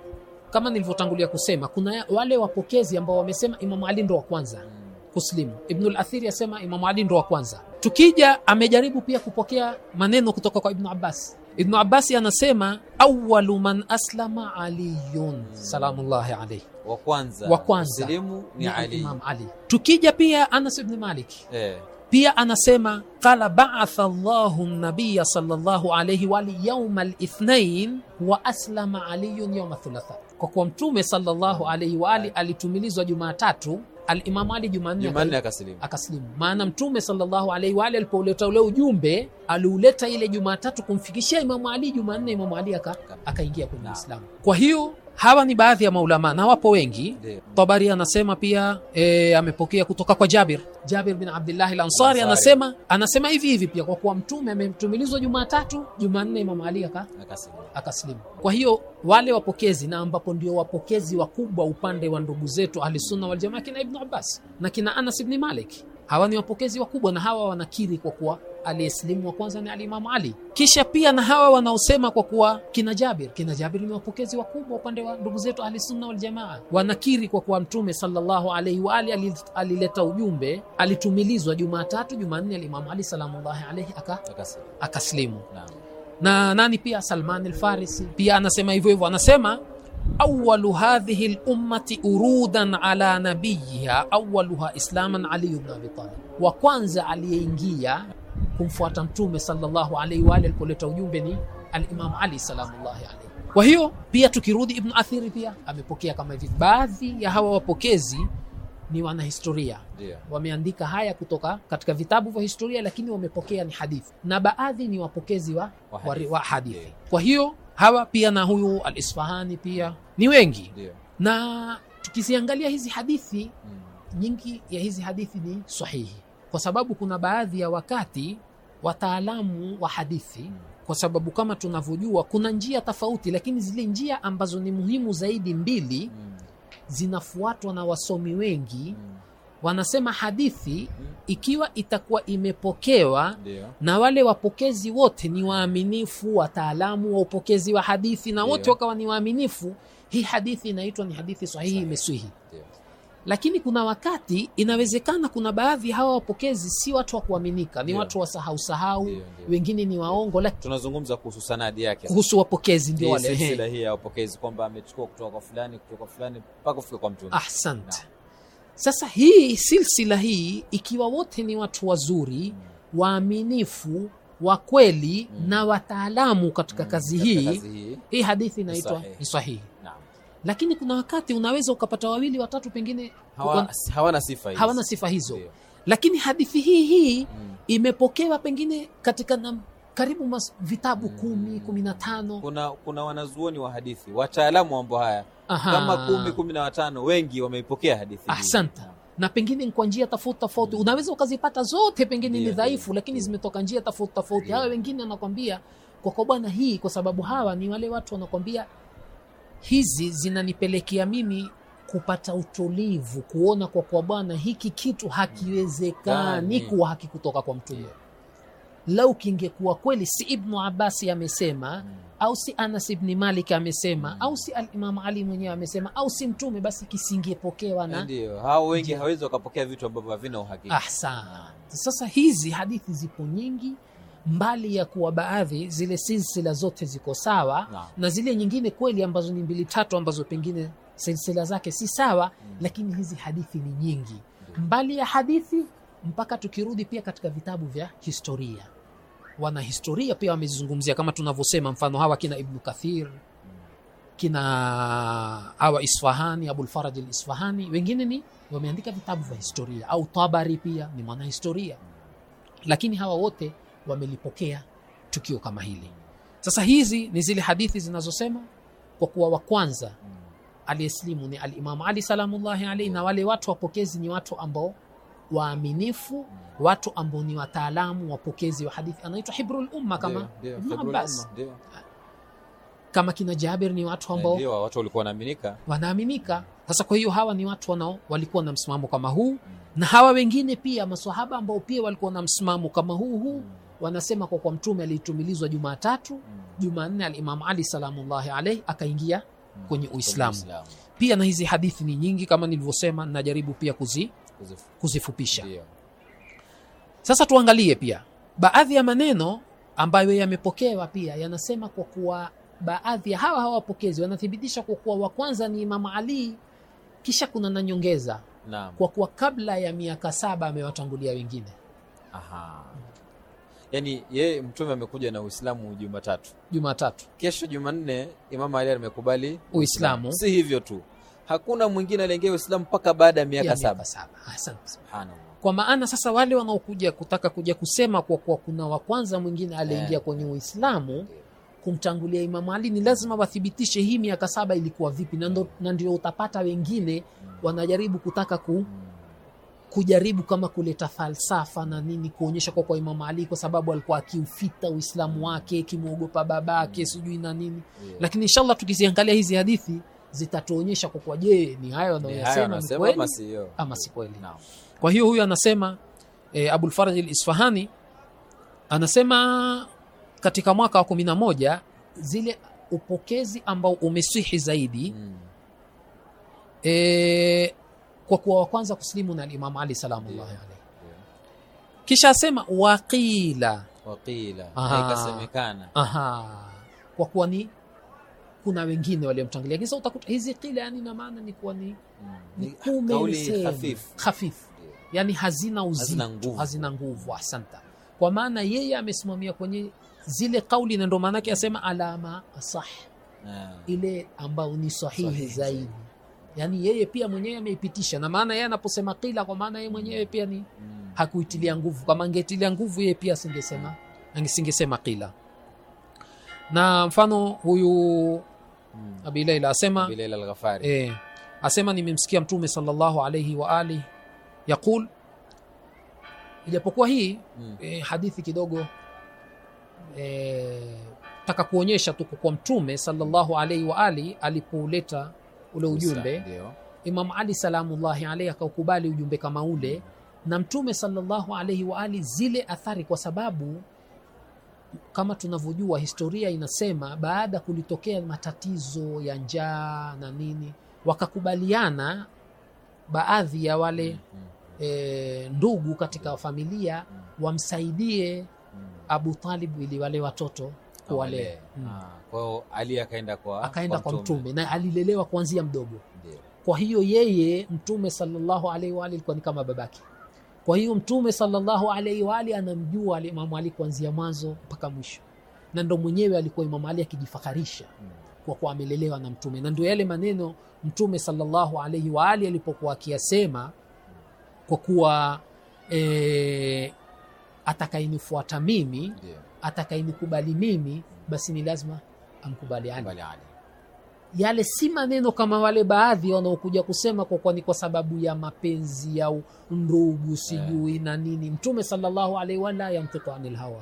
kama nilivyotangulia kusema, kuna wale wapokezi ambao wamesema Imamu Ali ndo wa kwanza kuslimu. Hmm. ibnulathiri asema Imamu Ali ndo wa kwanza. Tukija, amejaribu pia kupokea maneno kutoka kwa Ibnu Abbas Ibn Abbas anasema awwalu man aslama aliyun salamullahi alayhi, wa kwanza wa kwanza muslimu ni Ali. Imam Ali. Tukija pia Anas ibn Malik eh, pia anasema qala ba'atha Allahu nabiyya sallallahu alayhi wa alihi yawm al-ithnain wa aslama aliyun yawm ath-thulatha, kwa kuwa mtume sallallahu alayhi wa alihi e. alitumilizwa Jumatatu Alimamu Ali Jumanne akaslimu Maana Mtume sallallahu alaihi wa alihi alipouleta ule ujumbe aliuleta ile Jumatatu kumfikishia Imamu Ali Jumanne, Imamu Ali akaingia kwenye Uislamu. Kwa hiyo hawa ni baadhi ya maulama na wapo wengi Tabari anasema pia e, amepokea kutoka kwa Jabir Jabir bin Abdullah al-Ansari anasema anasema hivi hivi pia kwa kuwa mtume amemtumilizwa Jumatatu, Jumanne Imam Ali akaslimu Kwa hiyo wale wapokezi na ambapo ndio wapokezi wakubwa upande wa ndugu zetu Ahlusunna wal Jamaa kina Ibn Abbas na kina Anas ibn Malik, hawa ni wapokezi wakubwa na hawa wanakiri kwa kuwa aliyesilimu wa kwanza ni alimamu Ali. Kisha pia na hawa wanaosema kwa kuwa kina Jabir, kina Jabir ni wapokezi wakubwa upande wa ndugu zetu ahli sunna wal jamaa, wanakiri kwa kuwa Mtume sallallahu alaihi wa ali alileta ujumbe, alitumilizwa Jumatatu, Jumanne alimamu Ali salamullahi alaihi aka, na. nani pia Salman al-Farisi pia anasema hivyo hivyo, anasema awalu hadhihi lummati urudan ala nabiyiha awaluha islaman Ali ibn Abi Talib, wa kwanza aliyeingia kumfuata mtume sallallahu alaihi wa alihi alipoleta ujumbe ni alimamu Ali salamullahi alaihi. Kwa hiyo pia tukirudi Ibn Athiri pia amepokea kama hivi. Baadhi ya hawa wapokezi ni wanahistoria yeah. Wameandika haya kutoka katika vitabu vya historia, lakini wamepokea ni hadithi na baadhi ni wapokezi wa, wa hadithi, wa hadithi. Yeah. Kwa hiyo hawa pia na huyu al-Isfahani pia ni wengi yeah. Na tukiziangalia hizi hadithi mm. Nyingi ya hizi hadithi ni sahihi kwa sababu kuna baadhi ya wakati wataalamu wa hadithi, kwa sababu kama tunavyojua kuna njia tofauti, lakini zile njia ambazo ni muhimu zaidi mbili zinafuatwa na wasomi wengi. Wanasema hadithi ikiwa itakuwa imepokewa Dio. na wale wapokezi wote ni waaminifu, wataalamu wa upokezi wa hadithi na wote wakawa ni waaminifu, hii hadithi inaitwa ni hadithi sahihi, imeswihi Dio lakini kuna wakati inawezekana kuna baadhi hawa wapokezi si watu wa kuaminika, ni yeah. watu wasahau sahau yeah, wengine ni waongo yeah. tunazungumza kuhusu sanadi yake, kuhusu wapokezi, ndio wale silsila hii ya wapokezi kwamba amechukua kutoka kwa fulani, kutoka kwa fulani mpaka kufika kwa mtume. Ahsante. Sasa hii silsila hii ikiwa wote ni watu wazuri mm. waaminifu wa kweli mm. na wataalamu katika mm. kazi hii, hii hadithi inaitwa ni sahihi lakini kuna wakati unaweza ukapata wawili watatu pengine hawa, hawana, sifa hizo. hawana sifa hizo Ndiyo. lakini hadithi hii hii mm. imepokewa pengine katika na, karibu mas, vitabu mm. kumi kumi na tano kuna, kuna wanazuoni wa hadithi wataalamu mambo haya Aha. kama kumi kumi na watano wengi wameipokea hadithi asante na pengine kwa njia tofauti tofauti mm. unaweza ukazipata zote pengine yeah, ni dhaifu yeah, lakini yeah. Mm. zimetoka njia tofauti tofauti yeah. hawa wengine wanakwambia kwa kwa bwana hii kwa sababu hawa ni wale watu wanakwambia hizi zinanipelekea mimi kupata utulivu, kuona kwa kwa Bwana hiki kitu hakiwezekani kuwa haki kutoka kwa mtume. Lau kingekuwa kweli, si Ibnu Abasi amesema hmm. au si Anas bni Malik amesema hmm. au si Alimamu Ali mwenyewe amesema au si mtume, basi kisingepokewa na wengi hawezi wakapokea vitu ambavyo havina uhakika. Ah, sasa hizi hadithi zipo nyingi mbali ya kuwa baadhi zile silsila zote ziko sawa na, na zile nyingine kweli ambazo ni mbili tatu ambazo pengine silsila zake si sawa mm. Lakini hizi hadithi ni nyingi mm. Mbali ya hadithi mpaka tukirudi pia katika vitabu vya historia, wanahistoria pia wamezizungumzia kama tunavyosema, mfano hawa kina Ibnu Kathir kina hawa Isfahani, Abulfaraj lisfahani wengine ni wameandika vitabu vya historia, au Tabari pia ni mwanahistoria, mm. lakini hawa wote wamelipokea tukio kama hili. Sasa hizi ni zile hadithi zinazosema kwa kuwa wa kwanza aliyeslimu ni Alimamu Ali salamullahi alaihi, na wale watu wapokezi ni watu ambao waaminifu, watu ambao ni wataalamu wapokezi wa hadithi, anaitwa hibrul umma kama Ibn Abbas kama kina Jabir ni watu ambao ndio watu walikuwa wanaaminika wanaaminika. Sasa kwa hiyo hawa ni watu wanao walikuwa na msimamo kama huu, mm. na hawa wengine pia maswahaba ambao pia walikuwa na msimamo kama huu huu mm wanasema kwa kwa mtume alitumilizwa Jumatatu mm. Jumanne alimamu Ali salamullahi alaihi akaingia mm. kwenye Uislamu. Pia na hizi hadithi ni nyingi kama nilivyosema, najaribu pia kuzi, kuzifupisha Sasa tuangalie pia baadhi ya maneno ambayo yamepokewa pia yanasema kwa kuwa baadhi ya hawa hawapokezi wanathibitisha kwa kuwa wa kwanza ni Imamu Ali, kisha kuna na kwa kuwa kabla ya miaka saba amewatangulia wengine. Aha. Yani yeye mtume amekuja na Uislamu Jumatatu, Jumatatu kesho Jumanne Imam Ali amekubali Uislamu. Si hivyo tu, hakuna mwingine aliingia Uislamu mpaka baada ya miaka saba. Kwa maana sasa wale wanaokuja kutaka kuja kusema kwa kuwa kuna wa kwanza mwingine aliingia yeah, kwenye Uislamu kumtangulia Imamu Ali ni lazima wathibitishe hii miaka saba ilikuwa vipi, na ndio utapata wengine hmm. wanajaribu kutaka ku hmm kujaribu kama kuleta falsafa na nini kuonyesha kwa kwa Imam Ali kwa sababu alikuwa akiufita Uislamu wake kimuogopa babake mm. sijui na nini yeah. Lakini inshallah tukiziangalia hizi hadithi zitatuonyesha kwa kwa, je, ni hayo anayoyasema ni kweli ama si kweli? Kwa hiyo huyu anasema e, Abul Faraj al-Isfahani anasema katika mwaka wa kumi na moja zile upokezi ambao umesihi zaidi mm. e, kwa kuwa wa kwanza kusilimu na Imam Ali salamullahi yeah. alayhi kisha asema waqila waqila, ikasemekana kwa kuwa ni kuna wengine waliomtangulia. Kisa utakuta hizi qila, yani ina maana ni kuwa ni mm. kauli hafifu yeah. yani hazina uzito, hazina nguvu. Asanta, kwa maana yeye amesimamia kwenye zile kauli, na ndio maanake asema alama sah, ile ambayo ni sahihi zaidi yani yeye pia mwenyewe ameipitisha na maana yeye anaposema kila kwa maana yeye mwenyewe pia ni mm. hakuitilia nguvu kama angetilia nguvu yeye pia asingesema angesingesema kila na mfano huyu mm. abilaila abi laila asema abi laila al-ghafari eh, asema nimemsikia mtume sallallahu alayhi wa ali yaqul ijapokuwa hii mm. eh, hadithi kidogo eh, taka kuonyesha tu kwa mtume sallallahu alaihi wa ali alipouleta ule ujumbe Isra, Imam Ali salamullahi alaihi akaukubali ujumbe kama ule na Mtume sallallahu alaihi wa ali zile athari, kwa sababu kama tunavyojua historia inasema baada kulitokea matatizo ya njaa na nini, wakakubaliana baadhi ya wale mm -hmm. E, ndugu katika familia mm, mm. wamsaidie Abu Talib ili wale watoto kuwalea hmm. ah, kwao. Ali akaenda kwa, akaenda kwa mtume, na alilelewa kuanzia mdogo Kwa hiyo yeye mtume sallallahu alaihi wa alikuwa ni kama babake. Kwa hiyo mtume sallallahu alaihi wa anamjua Imamu Ali kuanzia mwanzo mpaka mwisho, na ndo mwenyewe alikuwa Imamu Ali akijifakarisha hmm. kwa kuwa amelelewa na mtume, na ndio yale maneno mtume sallallahu alaihi wa alipokuwa akiyasema kwa kuwa e, eh, atakayenifuata mimi yeah atakayenikubali mimi basi ni lazima amkubali Ali. Yale si maneno kama wale baadhi wanaokuja kusema kwa kwani kwa sababu ya mapenzi au ndugu sijui yeah, na nini. Mtume sallallahu alaihi wala yamtiqu anil hawa,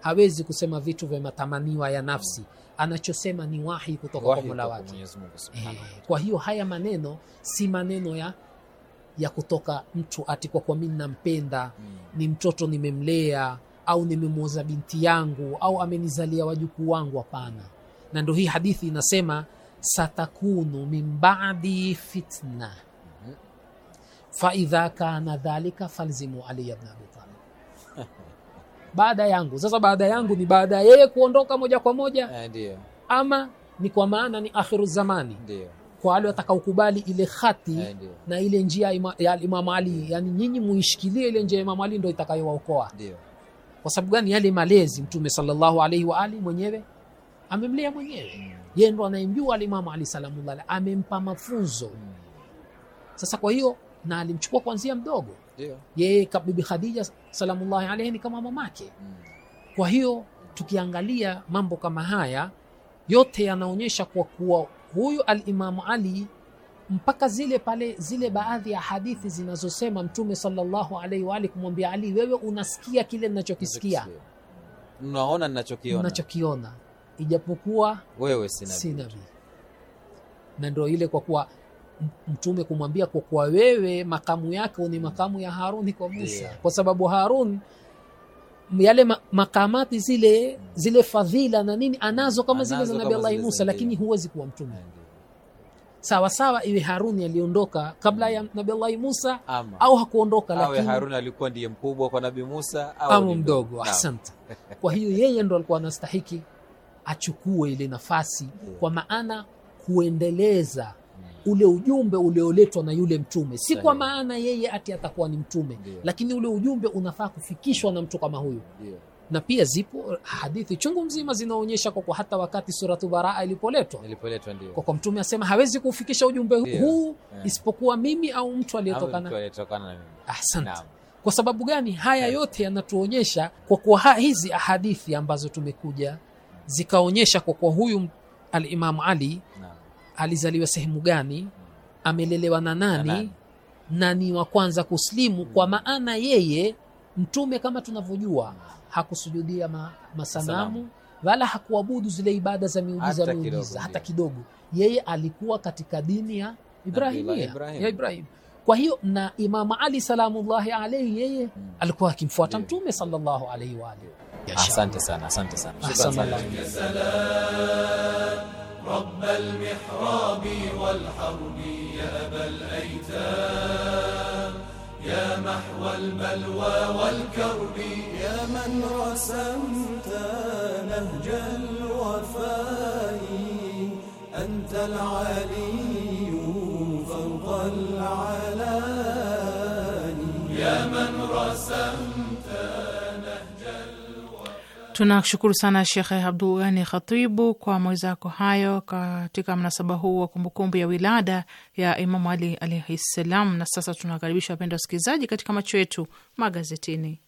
hawezi kusema vitu vya matamaniwa ya nafsi, anachosema ni wahi kutoka kwa Mola wake. Eh, kwa hiyo haya maneno si maneno ya ya kutoka mtu ati kwa kwa mimi nampenda, mm, ni mtoto nimemlea au nimemwoza binti yangu au amenizalia wajukuu wangu. Hapana. Na ndo hii hadithi inasema satakunu min badi fitna faidha kana dhalika falzimu aliya bn abi talib baada yangu. Sasa baada yangu ni baada ya yeye kuondoka moja kwa moja, eh, ndio ama ni kwa maana ni akhiru zamani, ndio kwa wale watakaokubali ile khati eh, na ile njia ya Imam Ali. Yani nyinyi muishikilie ile njia ya Imam Ali, ndio itakayowaokoa kwa sababu gani? Yale malezi Mtume sallallahu alaihi wa ali mwenyewe amemlea mwenyewe, yeye ndo anayemjua alimamu Ali salamullah, amempa mafunzo. Sasa kwa hiyo na alimchukua kwanzia mdogo yeye, kabibi Bibi Khadija salamullahi alaiha ni kama mamake. Kwa hiyo tukiangalia mambo kama haya yote yanaonyesha kwa kuwa huyu alimamu Ali mpaka zile pale zile baadhi ya hadithi zinazosema Mtume sallallahu alaihi wa alihi kumwambia Ali, wewe unasikia kile ninachokisikia, unaona ninachokiona, ninachokiona ijapokuwa wewe si Na ndio ile kwa kuwa Mtume kumwambia kwa kuwa wewe makamu yako ni makamu ya Haruni kwa Musa, yeah. kwa sababu Harun yale makamati zile mm. zile fadhila na nini anazo kama anazo zile za Nabii Allah Musa, lakini huwezi kuwa mtume sawa sawa iwe Haruni aliondoka kabla ya Nabii Allahi Musa ama, au hakuondoka lakini Haruni alikuwa ndiye mkubwa kwa Nabii Musa au mdogo, mdogo. Asante. Kwa hiyo yeye ndo alikuwa anastahiki achukue ile nafasi yeah, kwa maana kuendeleza mm. ule ujumbe ulioletwa na yule mtume, si kwa maana yeye ati atakuwa ni mtume yeah, lakini ule ujumbe unafaa kufikishwa na mtu kama huyu yeah na pia zipo hadithi chungu mzima zinaonyesha kwa hata wakati suratu Baraa ilipoletwa ilipoletwa, ndio kwa mtume asema hawezi kufikisha ujumbe huu yeah, isipokuwa mimi au mtu aliyetokana. Asante. Kwa sababu gani? Haya eh. yote yanatuonyesha kwa kwa hizi ahadithi ambazo tumekuja zikaonyesha kwa kwa huyu Alimamu Ali na alizaliwa sehemu gani, amelelewa na nani, na ni wa kwanza kuslimu, kwa hmm. maana yeye Mtume kama tunavyojua hakusujudia ma, masanamu Salamu. wala hakuabudu zile ibada za miujiza miujiza hata kidogo. Yeye alikuwa katika dini ya Ibrahimia Ibrahim. ya Ibrahim. Kwa hiyo na Imam Ali salamullahi alayhi yeye hmm. alikuwa akimfuata Mtume sallallahu alayhi wa alihi. Asante sana, asante sana. Rabbal mihrabi wal harbi ya abal aitam يا محو البلوى والكرب يا من رسمت نهج الوفاء أنت العلي فوق العلاني يا من رسمت tunashukuru sana Shekhe Abdul Ghani Khatibu kwa maweza yako hayo katika mnasaba huu wa kumbukumbu ya wilada ya Imamu Ali alaihi ssalam. Na sasa tunawakaribisha wapenda wasikilizaji katika macho yetu magazetini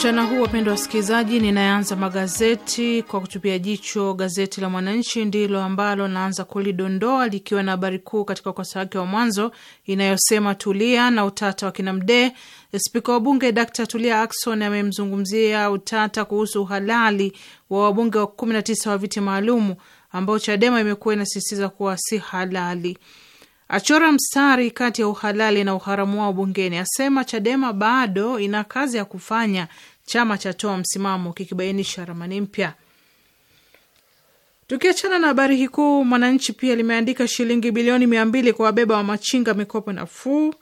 mchana huu, wapendwa wasikilizaji, ninaanza magazeti kwa kutupia jicho gazeti la Mwananchi. Ndilo ambalo naanza kulidondoa likiwa na habari kuu katika ukurasa wake wa mwanzo inayosema Tulia na utata wa kina Mdee. Spika wa Bunge Dkt Tulia akson amemzungumzia utata kuhusu uhalali wa wabunge wa 19 wa viti maalumu ambao Chadema imekuwa inasisitiza kuwa si halali achora mstari kati ya uhalali na uharamu wao bungeni, asema Chadema bado ina kazi ya kufanya, chama chatoa msimamo kikibainisha ramani mpya. Tukiachana na habari hii kuu, Mwananchi pia limeandika shilingi bilioni mia mbili kwa wabeba wa machinga mikopo nafuu,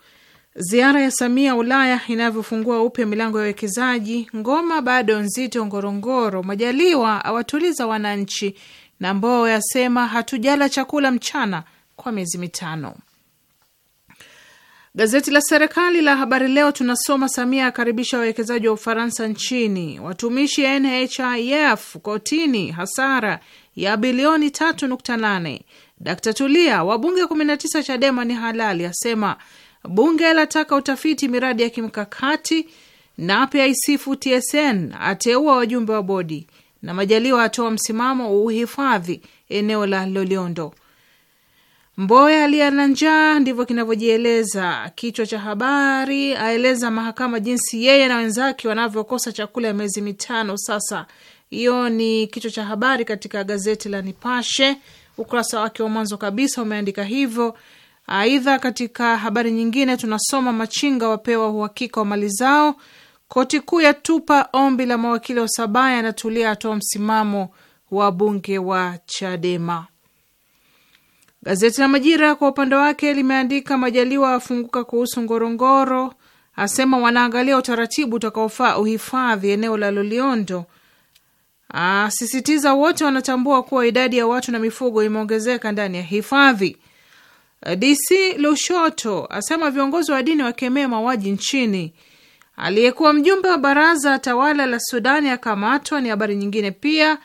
ziara ya Samia Ulaya inavyofungua upya milango ya uwekezaji, ngoma bado nzito Ngorongoro, Majaliwa awatuliza wananchi, na Mbowe asema hatujala chakula mchana kwa miezi mitano. Gazeti la serikali la Habari Leo tunasoma Samia akaribisha wawekezaji wa Ufaransa nchini, watumishi NHIF kotini hasara ya bilioni 3.8. Dkt Tulia, wabunge 19 Chadema ni halali, asema bunge lataka utafiti miradi ya kimkakati. Nape aisifu TSN, ateua wajumbe wa bodi, na Majaliwa atoa msimamo uhifadhi eneo la Loliondo. Mboya aliye na njaa, ndivyo kinavyojieleza kichwa cha habari. Aeleza mahakama jinsi yeye na wenzake wanavyokosa chakula ya miezi mitano sasa. Hiyo ni kichwa cha habari katika gazeti la Nipashe, ukurasa wake wa mwanzo kabisa umeandika hivyo. Aidha, katika habari nyingine tunasoma machinga wapewa uhakika wa mali zao. Koti kuu ya tupa ombi la mawakili wa Sabaya na Tulia atoa msimamo wa bunge wa Chadema. Gazeti la Majira kwa upande wake limeandika Majaliwa afunguka kuhusu Ngorongoro, asema wanaangalia utaratibu utakaofaa uhifadhi eneo la Loliondo, asisitiza wote wanatambua kuwa idadi ya watu na mifugo imeongezeka ndani ya hifadhi. DC Lushoto asema viongozi wa dini wakemee mauaji nchini. Aliyekuwa mjumbe wa baraza tawala la Sudani akamatwa, ni habari nyingine pia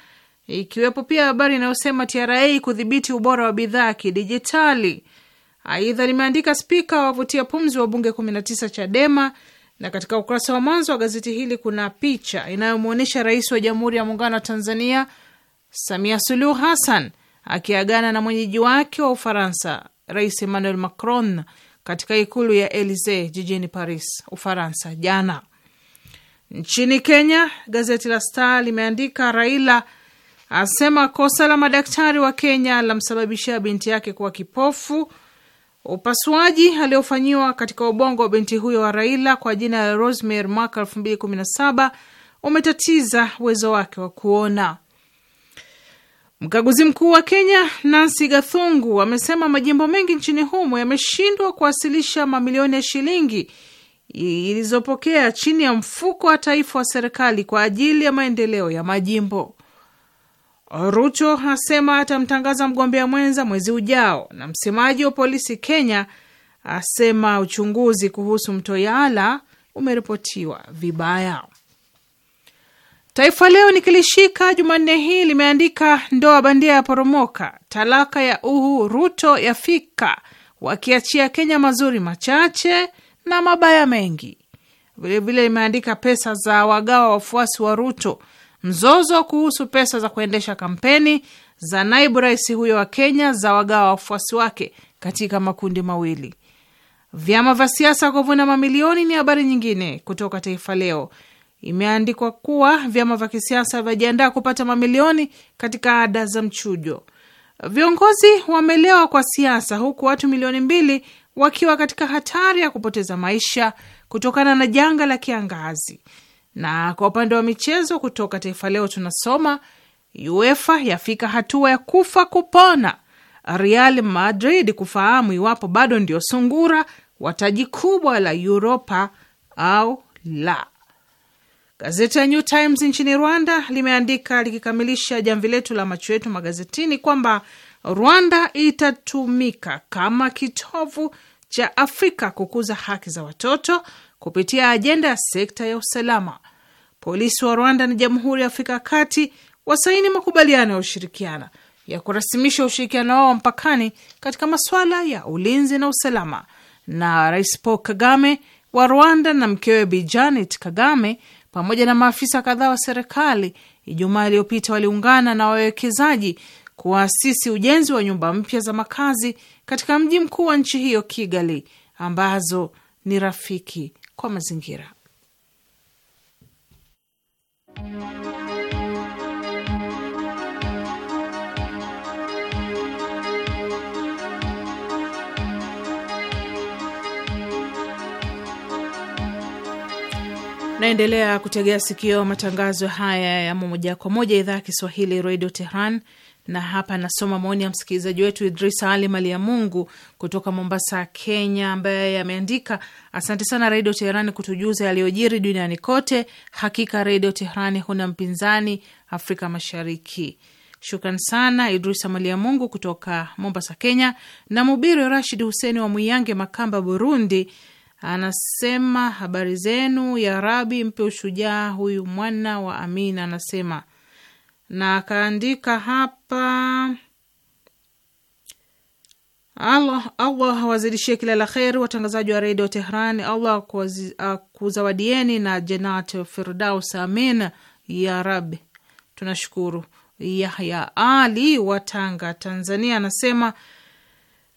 ikiwepo pia habari inayosema TRA kudhibiti ubora wa bidhaa kidijitali. Aidha limeandika spika wavutia pumzi wa bunge 19 Chadema, na katika ukurasa wa mwanzo wa gazeti hili kuna picha inayomwonyesha rais wa Jamhuri ya Muungano wa Tanzania Samia Suluhu Hassan akiagana na mwenyeji wake wa Ufaransa, Rais Emmanuel Macron katika ikulu ya elise jijini Paris, Ufaransa jana. Nchini Kenya, gazeti la Star limeandika Raila asema kosa la madaktari wa Kenya lamsababishia binti yake kuwa kipofu. Upasuaji aliofanyiwa katika ubongo wa binti huyo wa Raila kwa jina la Rosemary mwaka saba umetatiza uwezo wake wa kuona. Mkaguzi mkuu wa Kenya Nancy Gathungu amesema majimbo mengi nchini humo yameshindwa kuwasilisha mamilioni ya shilingi ilizopokea chini ya mfuko wa taifa wa serikali kwa ajili ya maendeleo ya majimbo. Ruto asema atamtangaza mgombea mwenza mwezi ujao, na msemaji wa polisi Kenya asema uchunguzi kuhusu mto Yala umeripotiwa vibaya. Taifa Leo nikilishika Jumanne hii limeandika ndoa bandia ya poromoka, talaka ya Uhu Ruto yafika, wakiachia Kenya mazuri machache na mabaya mengi. Vilevile limeandika pesa za wagawa wafuasi wa Ruto Mzozo kuhusu pesa za kuendesha kampeni za naibu rais huyo wa Kenya za wagawa wafuasi wake katika makundi mawili. Vyama vya siasa kuvuna mamilioni ni habari nyingine kutoka Taifa Leo. Imeandikwa kuwa vyama vya kisiasa vyajiandaa kupata mamilioni katika ada za mchujo. Viongozi wamelewa kwa siasa, huku watu milioni mbili wakiwa katika hatari ya kupoteza maisha kutokana na janga la kiangazi. Na kwa upande wa michezo kutoka Taifa Leo tunasoma UEFA yafika hatua ya kufa kupona, Real Madrid kufahamu iwapo bado ndio sungura wa taji kubwa la uropa au la. Gazeti ya New Times nchini Rwanda limeandika likikamilisha jamvi letu la macho yetu magazetini kwamba Rwanda itatumika kama kitovu cha Afrika kukuza haki za watoto kupitia ajenda ya sekta ya usalama. Polisi wa Rwanda na Jamhuri ya Afrika ya Kati wasaini makubaliano ya ushirikiana ya kurasimisha ushirikiano wao wa mpakani katika masuala ya ulinzi na usalama. Na Rais Paul Kagame wa Rwanda na mkewe Bi Janet Kagame pamoja na maafisa kadhaa wa serikali Ijumaa iliyopita waliungana na wawekezaji kuwaasisi ujenzi wa nyumba mpya za makazi katika mji mkuu wa nchi hiyo Kigali, ambazo ni rafiki kwa mazingira. Naendelea kutegea sikio matangazo haya ya moja kwa moja idhaa ya Kiswahili, redio Tehran. Na hapa nasoma maoni ya msikilizaji wetu Idris Ali Mali ya Mungu kutoka Mombasa, Kenya, ambaye ameandika asante sana Redio Teherani kutujuza yaliyojiri duniani kote. Hakika Redio Teherani huna mpinzani Afrika Mashariki. Shukran sana Idrisa ya Mungu kutoka Mombasa, Kenya. Na mubiri Rashid Huseni wa Mwiyange, Makamba, Burundi, anasema habari zenu ya Rabi, mpe ushujaa huyu mwana wa Amina. Anasema na akaandika hapa Allah, Allah hawazidishie kila la kheri watangazaji wa redio Tehran. Allah akuzawadieni na jenat Firdaus, amin ya Rabi. Tunashukuru. Yahya Ali wa Tanga, Tanzania anasema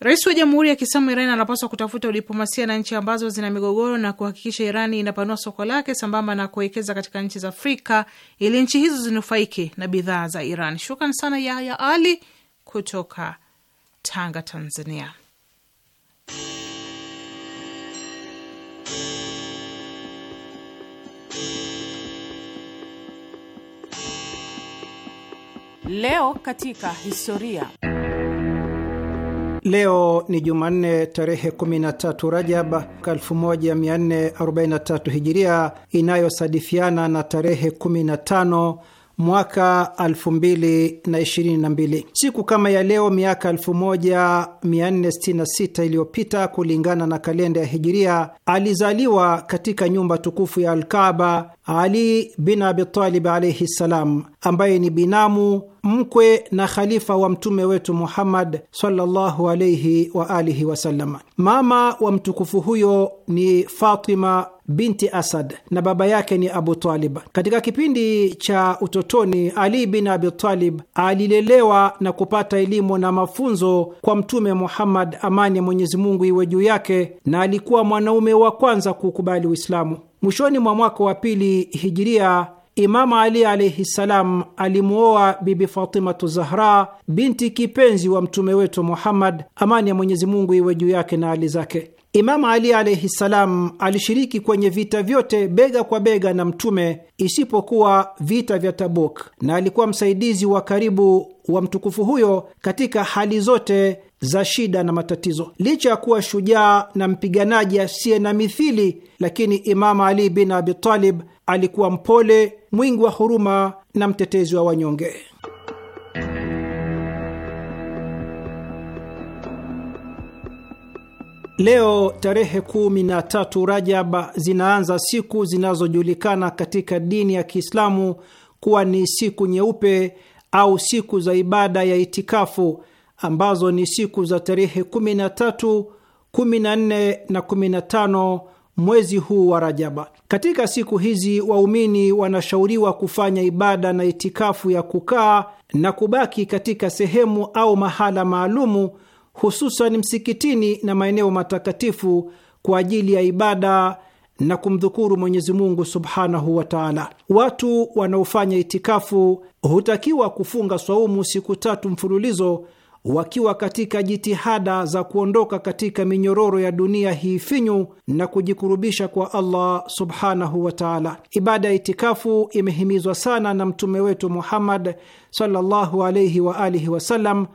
Rais wa Jamhuri ya Kiislamu Irani anapaswa kutafuta udiplomasia na nchi ambazo zina migogoro na kuhakikisha Irani inapanua soko lake sambamba na kuwekeza katika nchi za Afrika ili nchi hizo zinufaike na bidhaa za Iran. Shukran sana Yahya Ali kutoka Tanga, Tanzania. Leo katika historia Leo ni Jumanne tarehe 13 Rajab 1443 Hijiria inayosadifiana na tarehe 15 mwaka 2022. Siku kama ya leo miaka 1466 iliyopita kulingana na kalenda ya Hijiria, alizaliwa katika nyumba tukufu ya Alkaba Ali bin Abitalib alaihi ssalam, ambaye ni binamu mkwe na khalifa wa mtume wetu Muhammad sallallahu alaihi wa alihi wasallam. Mama wa mtukufu huyo ni Fatima binti Asad na baba yake ni Abu Talib. Katika kipindi cha utotoni, Ali bin Abi Talib alilelewa na kupata elimu na mafunzo kwa Mtume Muhammad, amani ya Mwenyezi Mungu iwe juu yake, na alikuwa mwanaume wa kwanza kuukubali Uislamu. Mwishoni mwa mwaka wa pili hijiria Imamu Ali alaihi ssalam alimwoa Bibi Fatimatu Zahra, binti kipenzi wa mtume wetu Muhammad, amani ya Mwenyezi Mungu iwe juu yake na hali zake. Imam Ali alaihi ssalam alishiriki kwenye vita vyote bega kwa bega na Mtume isipokuwa vita vya Tabuk, na alikuwa msaidizi wa karibu wa mtukufu huyo katika hali zote za shida na matatizo. Licha ya kuwa shujaa na mpiganaji asiye na mithili, lakini imamu Ali bin Abi Talib alikuwa mpole, mwingi wa huruma na mtetezi wa wanyonge. Leo tarehe kumi na tatu Rajab zinaanza siku zinazojulikana katika dini ya Kiislamu kuwa ni siku nyeupe au siku za ibada ya itikafu ambazo ni siku za tarehe kumi na tatu, kumi na nne na kumi na tano mwezi huu wa Rajaba. Katika siku hizi waumini wanashauriwa kufanya ibada na itikafu ya kukaa na kubaki katika sehemu au mahala maalumu hususan msikitini na maeneo matakatifu kwa ajili ya ibada na kumdhukuru Mwenyezi Mungu subhanahu wa taala. Watu wanaofanya itikafu hutakiwa kufunga swaumu siku tatu mfululizo wakiwa katika jitihada za kuondoka katika minyororo ya dunia hii finyu na kujikurubisha kwa Allah subhanahu wa taala. Ibada ya itikafu imehimizwa sana na mtume wetu Muhammad sallallahu alaihi wa alihi wasallam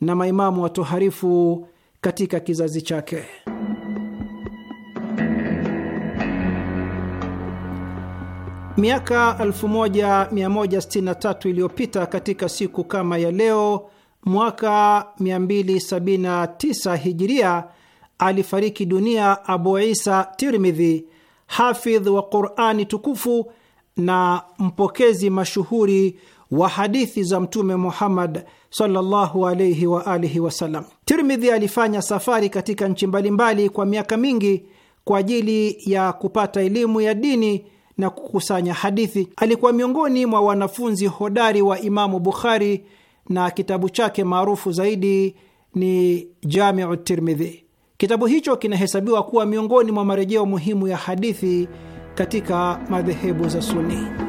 na maimamu watoharifu katika kizazi chake. Miaka 1163 iliyopita katika siku kama ya leo mwaka 279 hijiria alifariki dunia Abu Isa Tirmidhi, hafidh wa Qurani tukufu na mpokezi mashuhuri wa hadithi za Mtume Muhammad sallallahu alayhi wa alihi wasallam. Tirmidhi alifanya safari katika nchi mbalimbali kwa miaka mingi kwa ajili ya kupata elimu ya dini na kukusanya hadithi. Alikuwa miongoni mwa wanafunzi hodari wa Imamu Bukhari na kitabu chake maarufu zaidi ni Jamiu Tirmidhi. Kitabu hicho kinahesabiwa kuwa miongoni mwa marejeo muhimu ya hadithi katika madhehebu za Suni.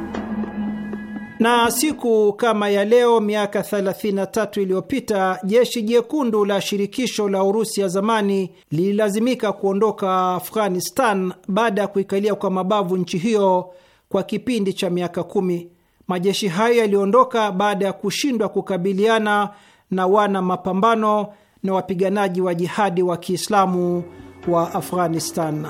Na siku kama ya leo miaka 33 iliyopita jeshi jekundu la shirikisho la Urusi ya zamani lililazimika kuondoka Afghanistan baada ya kuikalia kwa mabavu nchi hiyo kwa kipindi cha miaka kumi. Majeshi hayo yaliondoka baada ya kushindwa kukabiliana na wana mapambano na wapiganaji wa jihadi wa Kiislamu wa Afghanistan.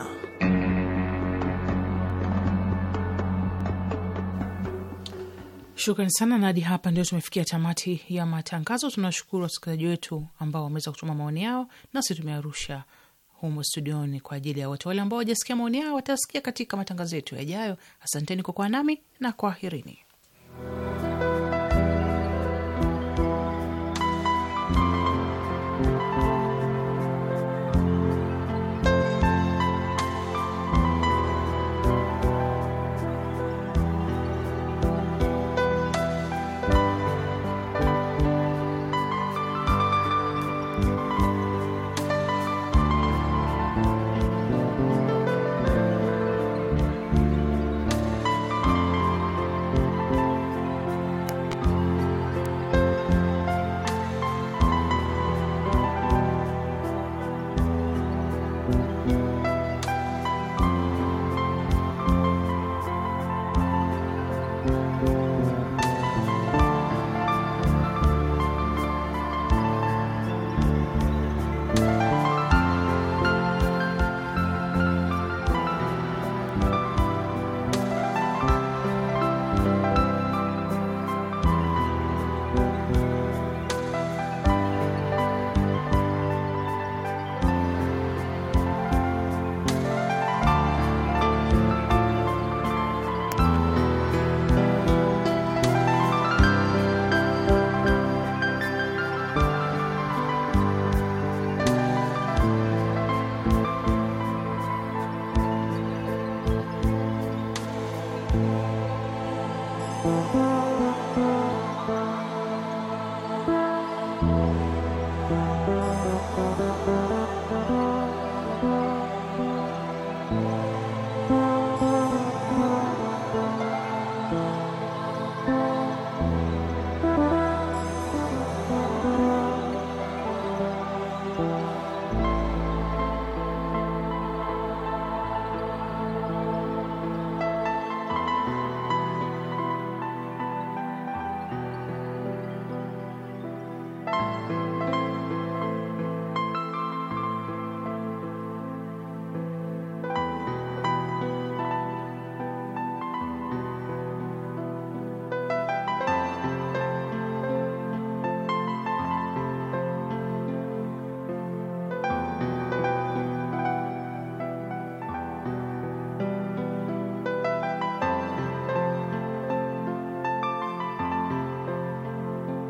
Shukrani sana, na hadi hapa ndio tumefikia tamati ya matangazo. Tunashukuru wasikilizaji wetu ambao wameweza kutuma maoni yao, nasi tumearusha humo studioni kwa ajili ya wote wale ambao wajasikia maoni yao, watasikia katika matangazo yetu yajayo. Asanteni kwa kuwa nami na kwaherini.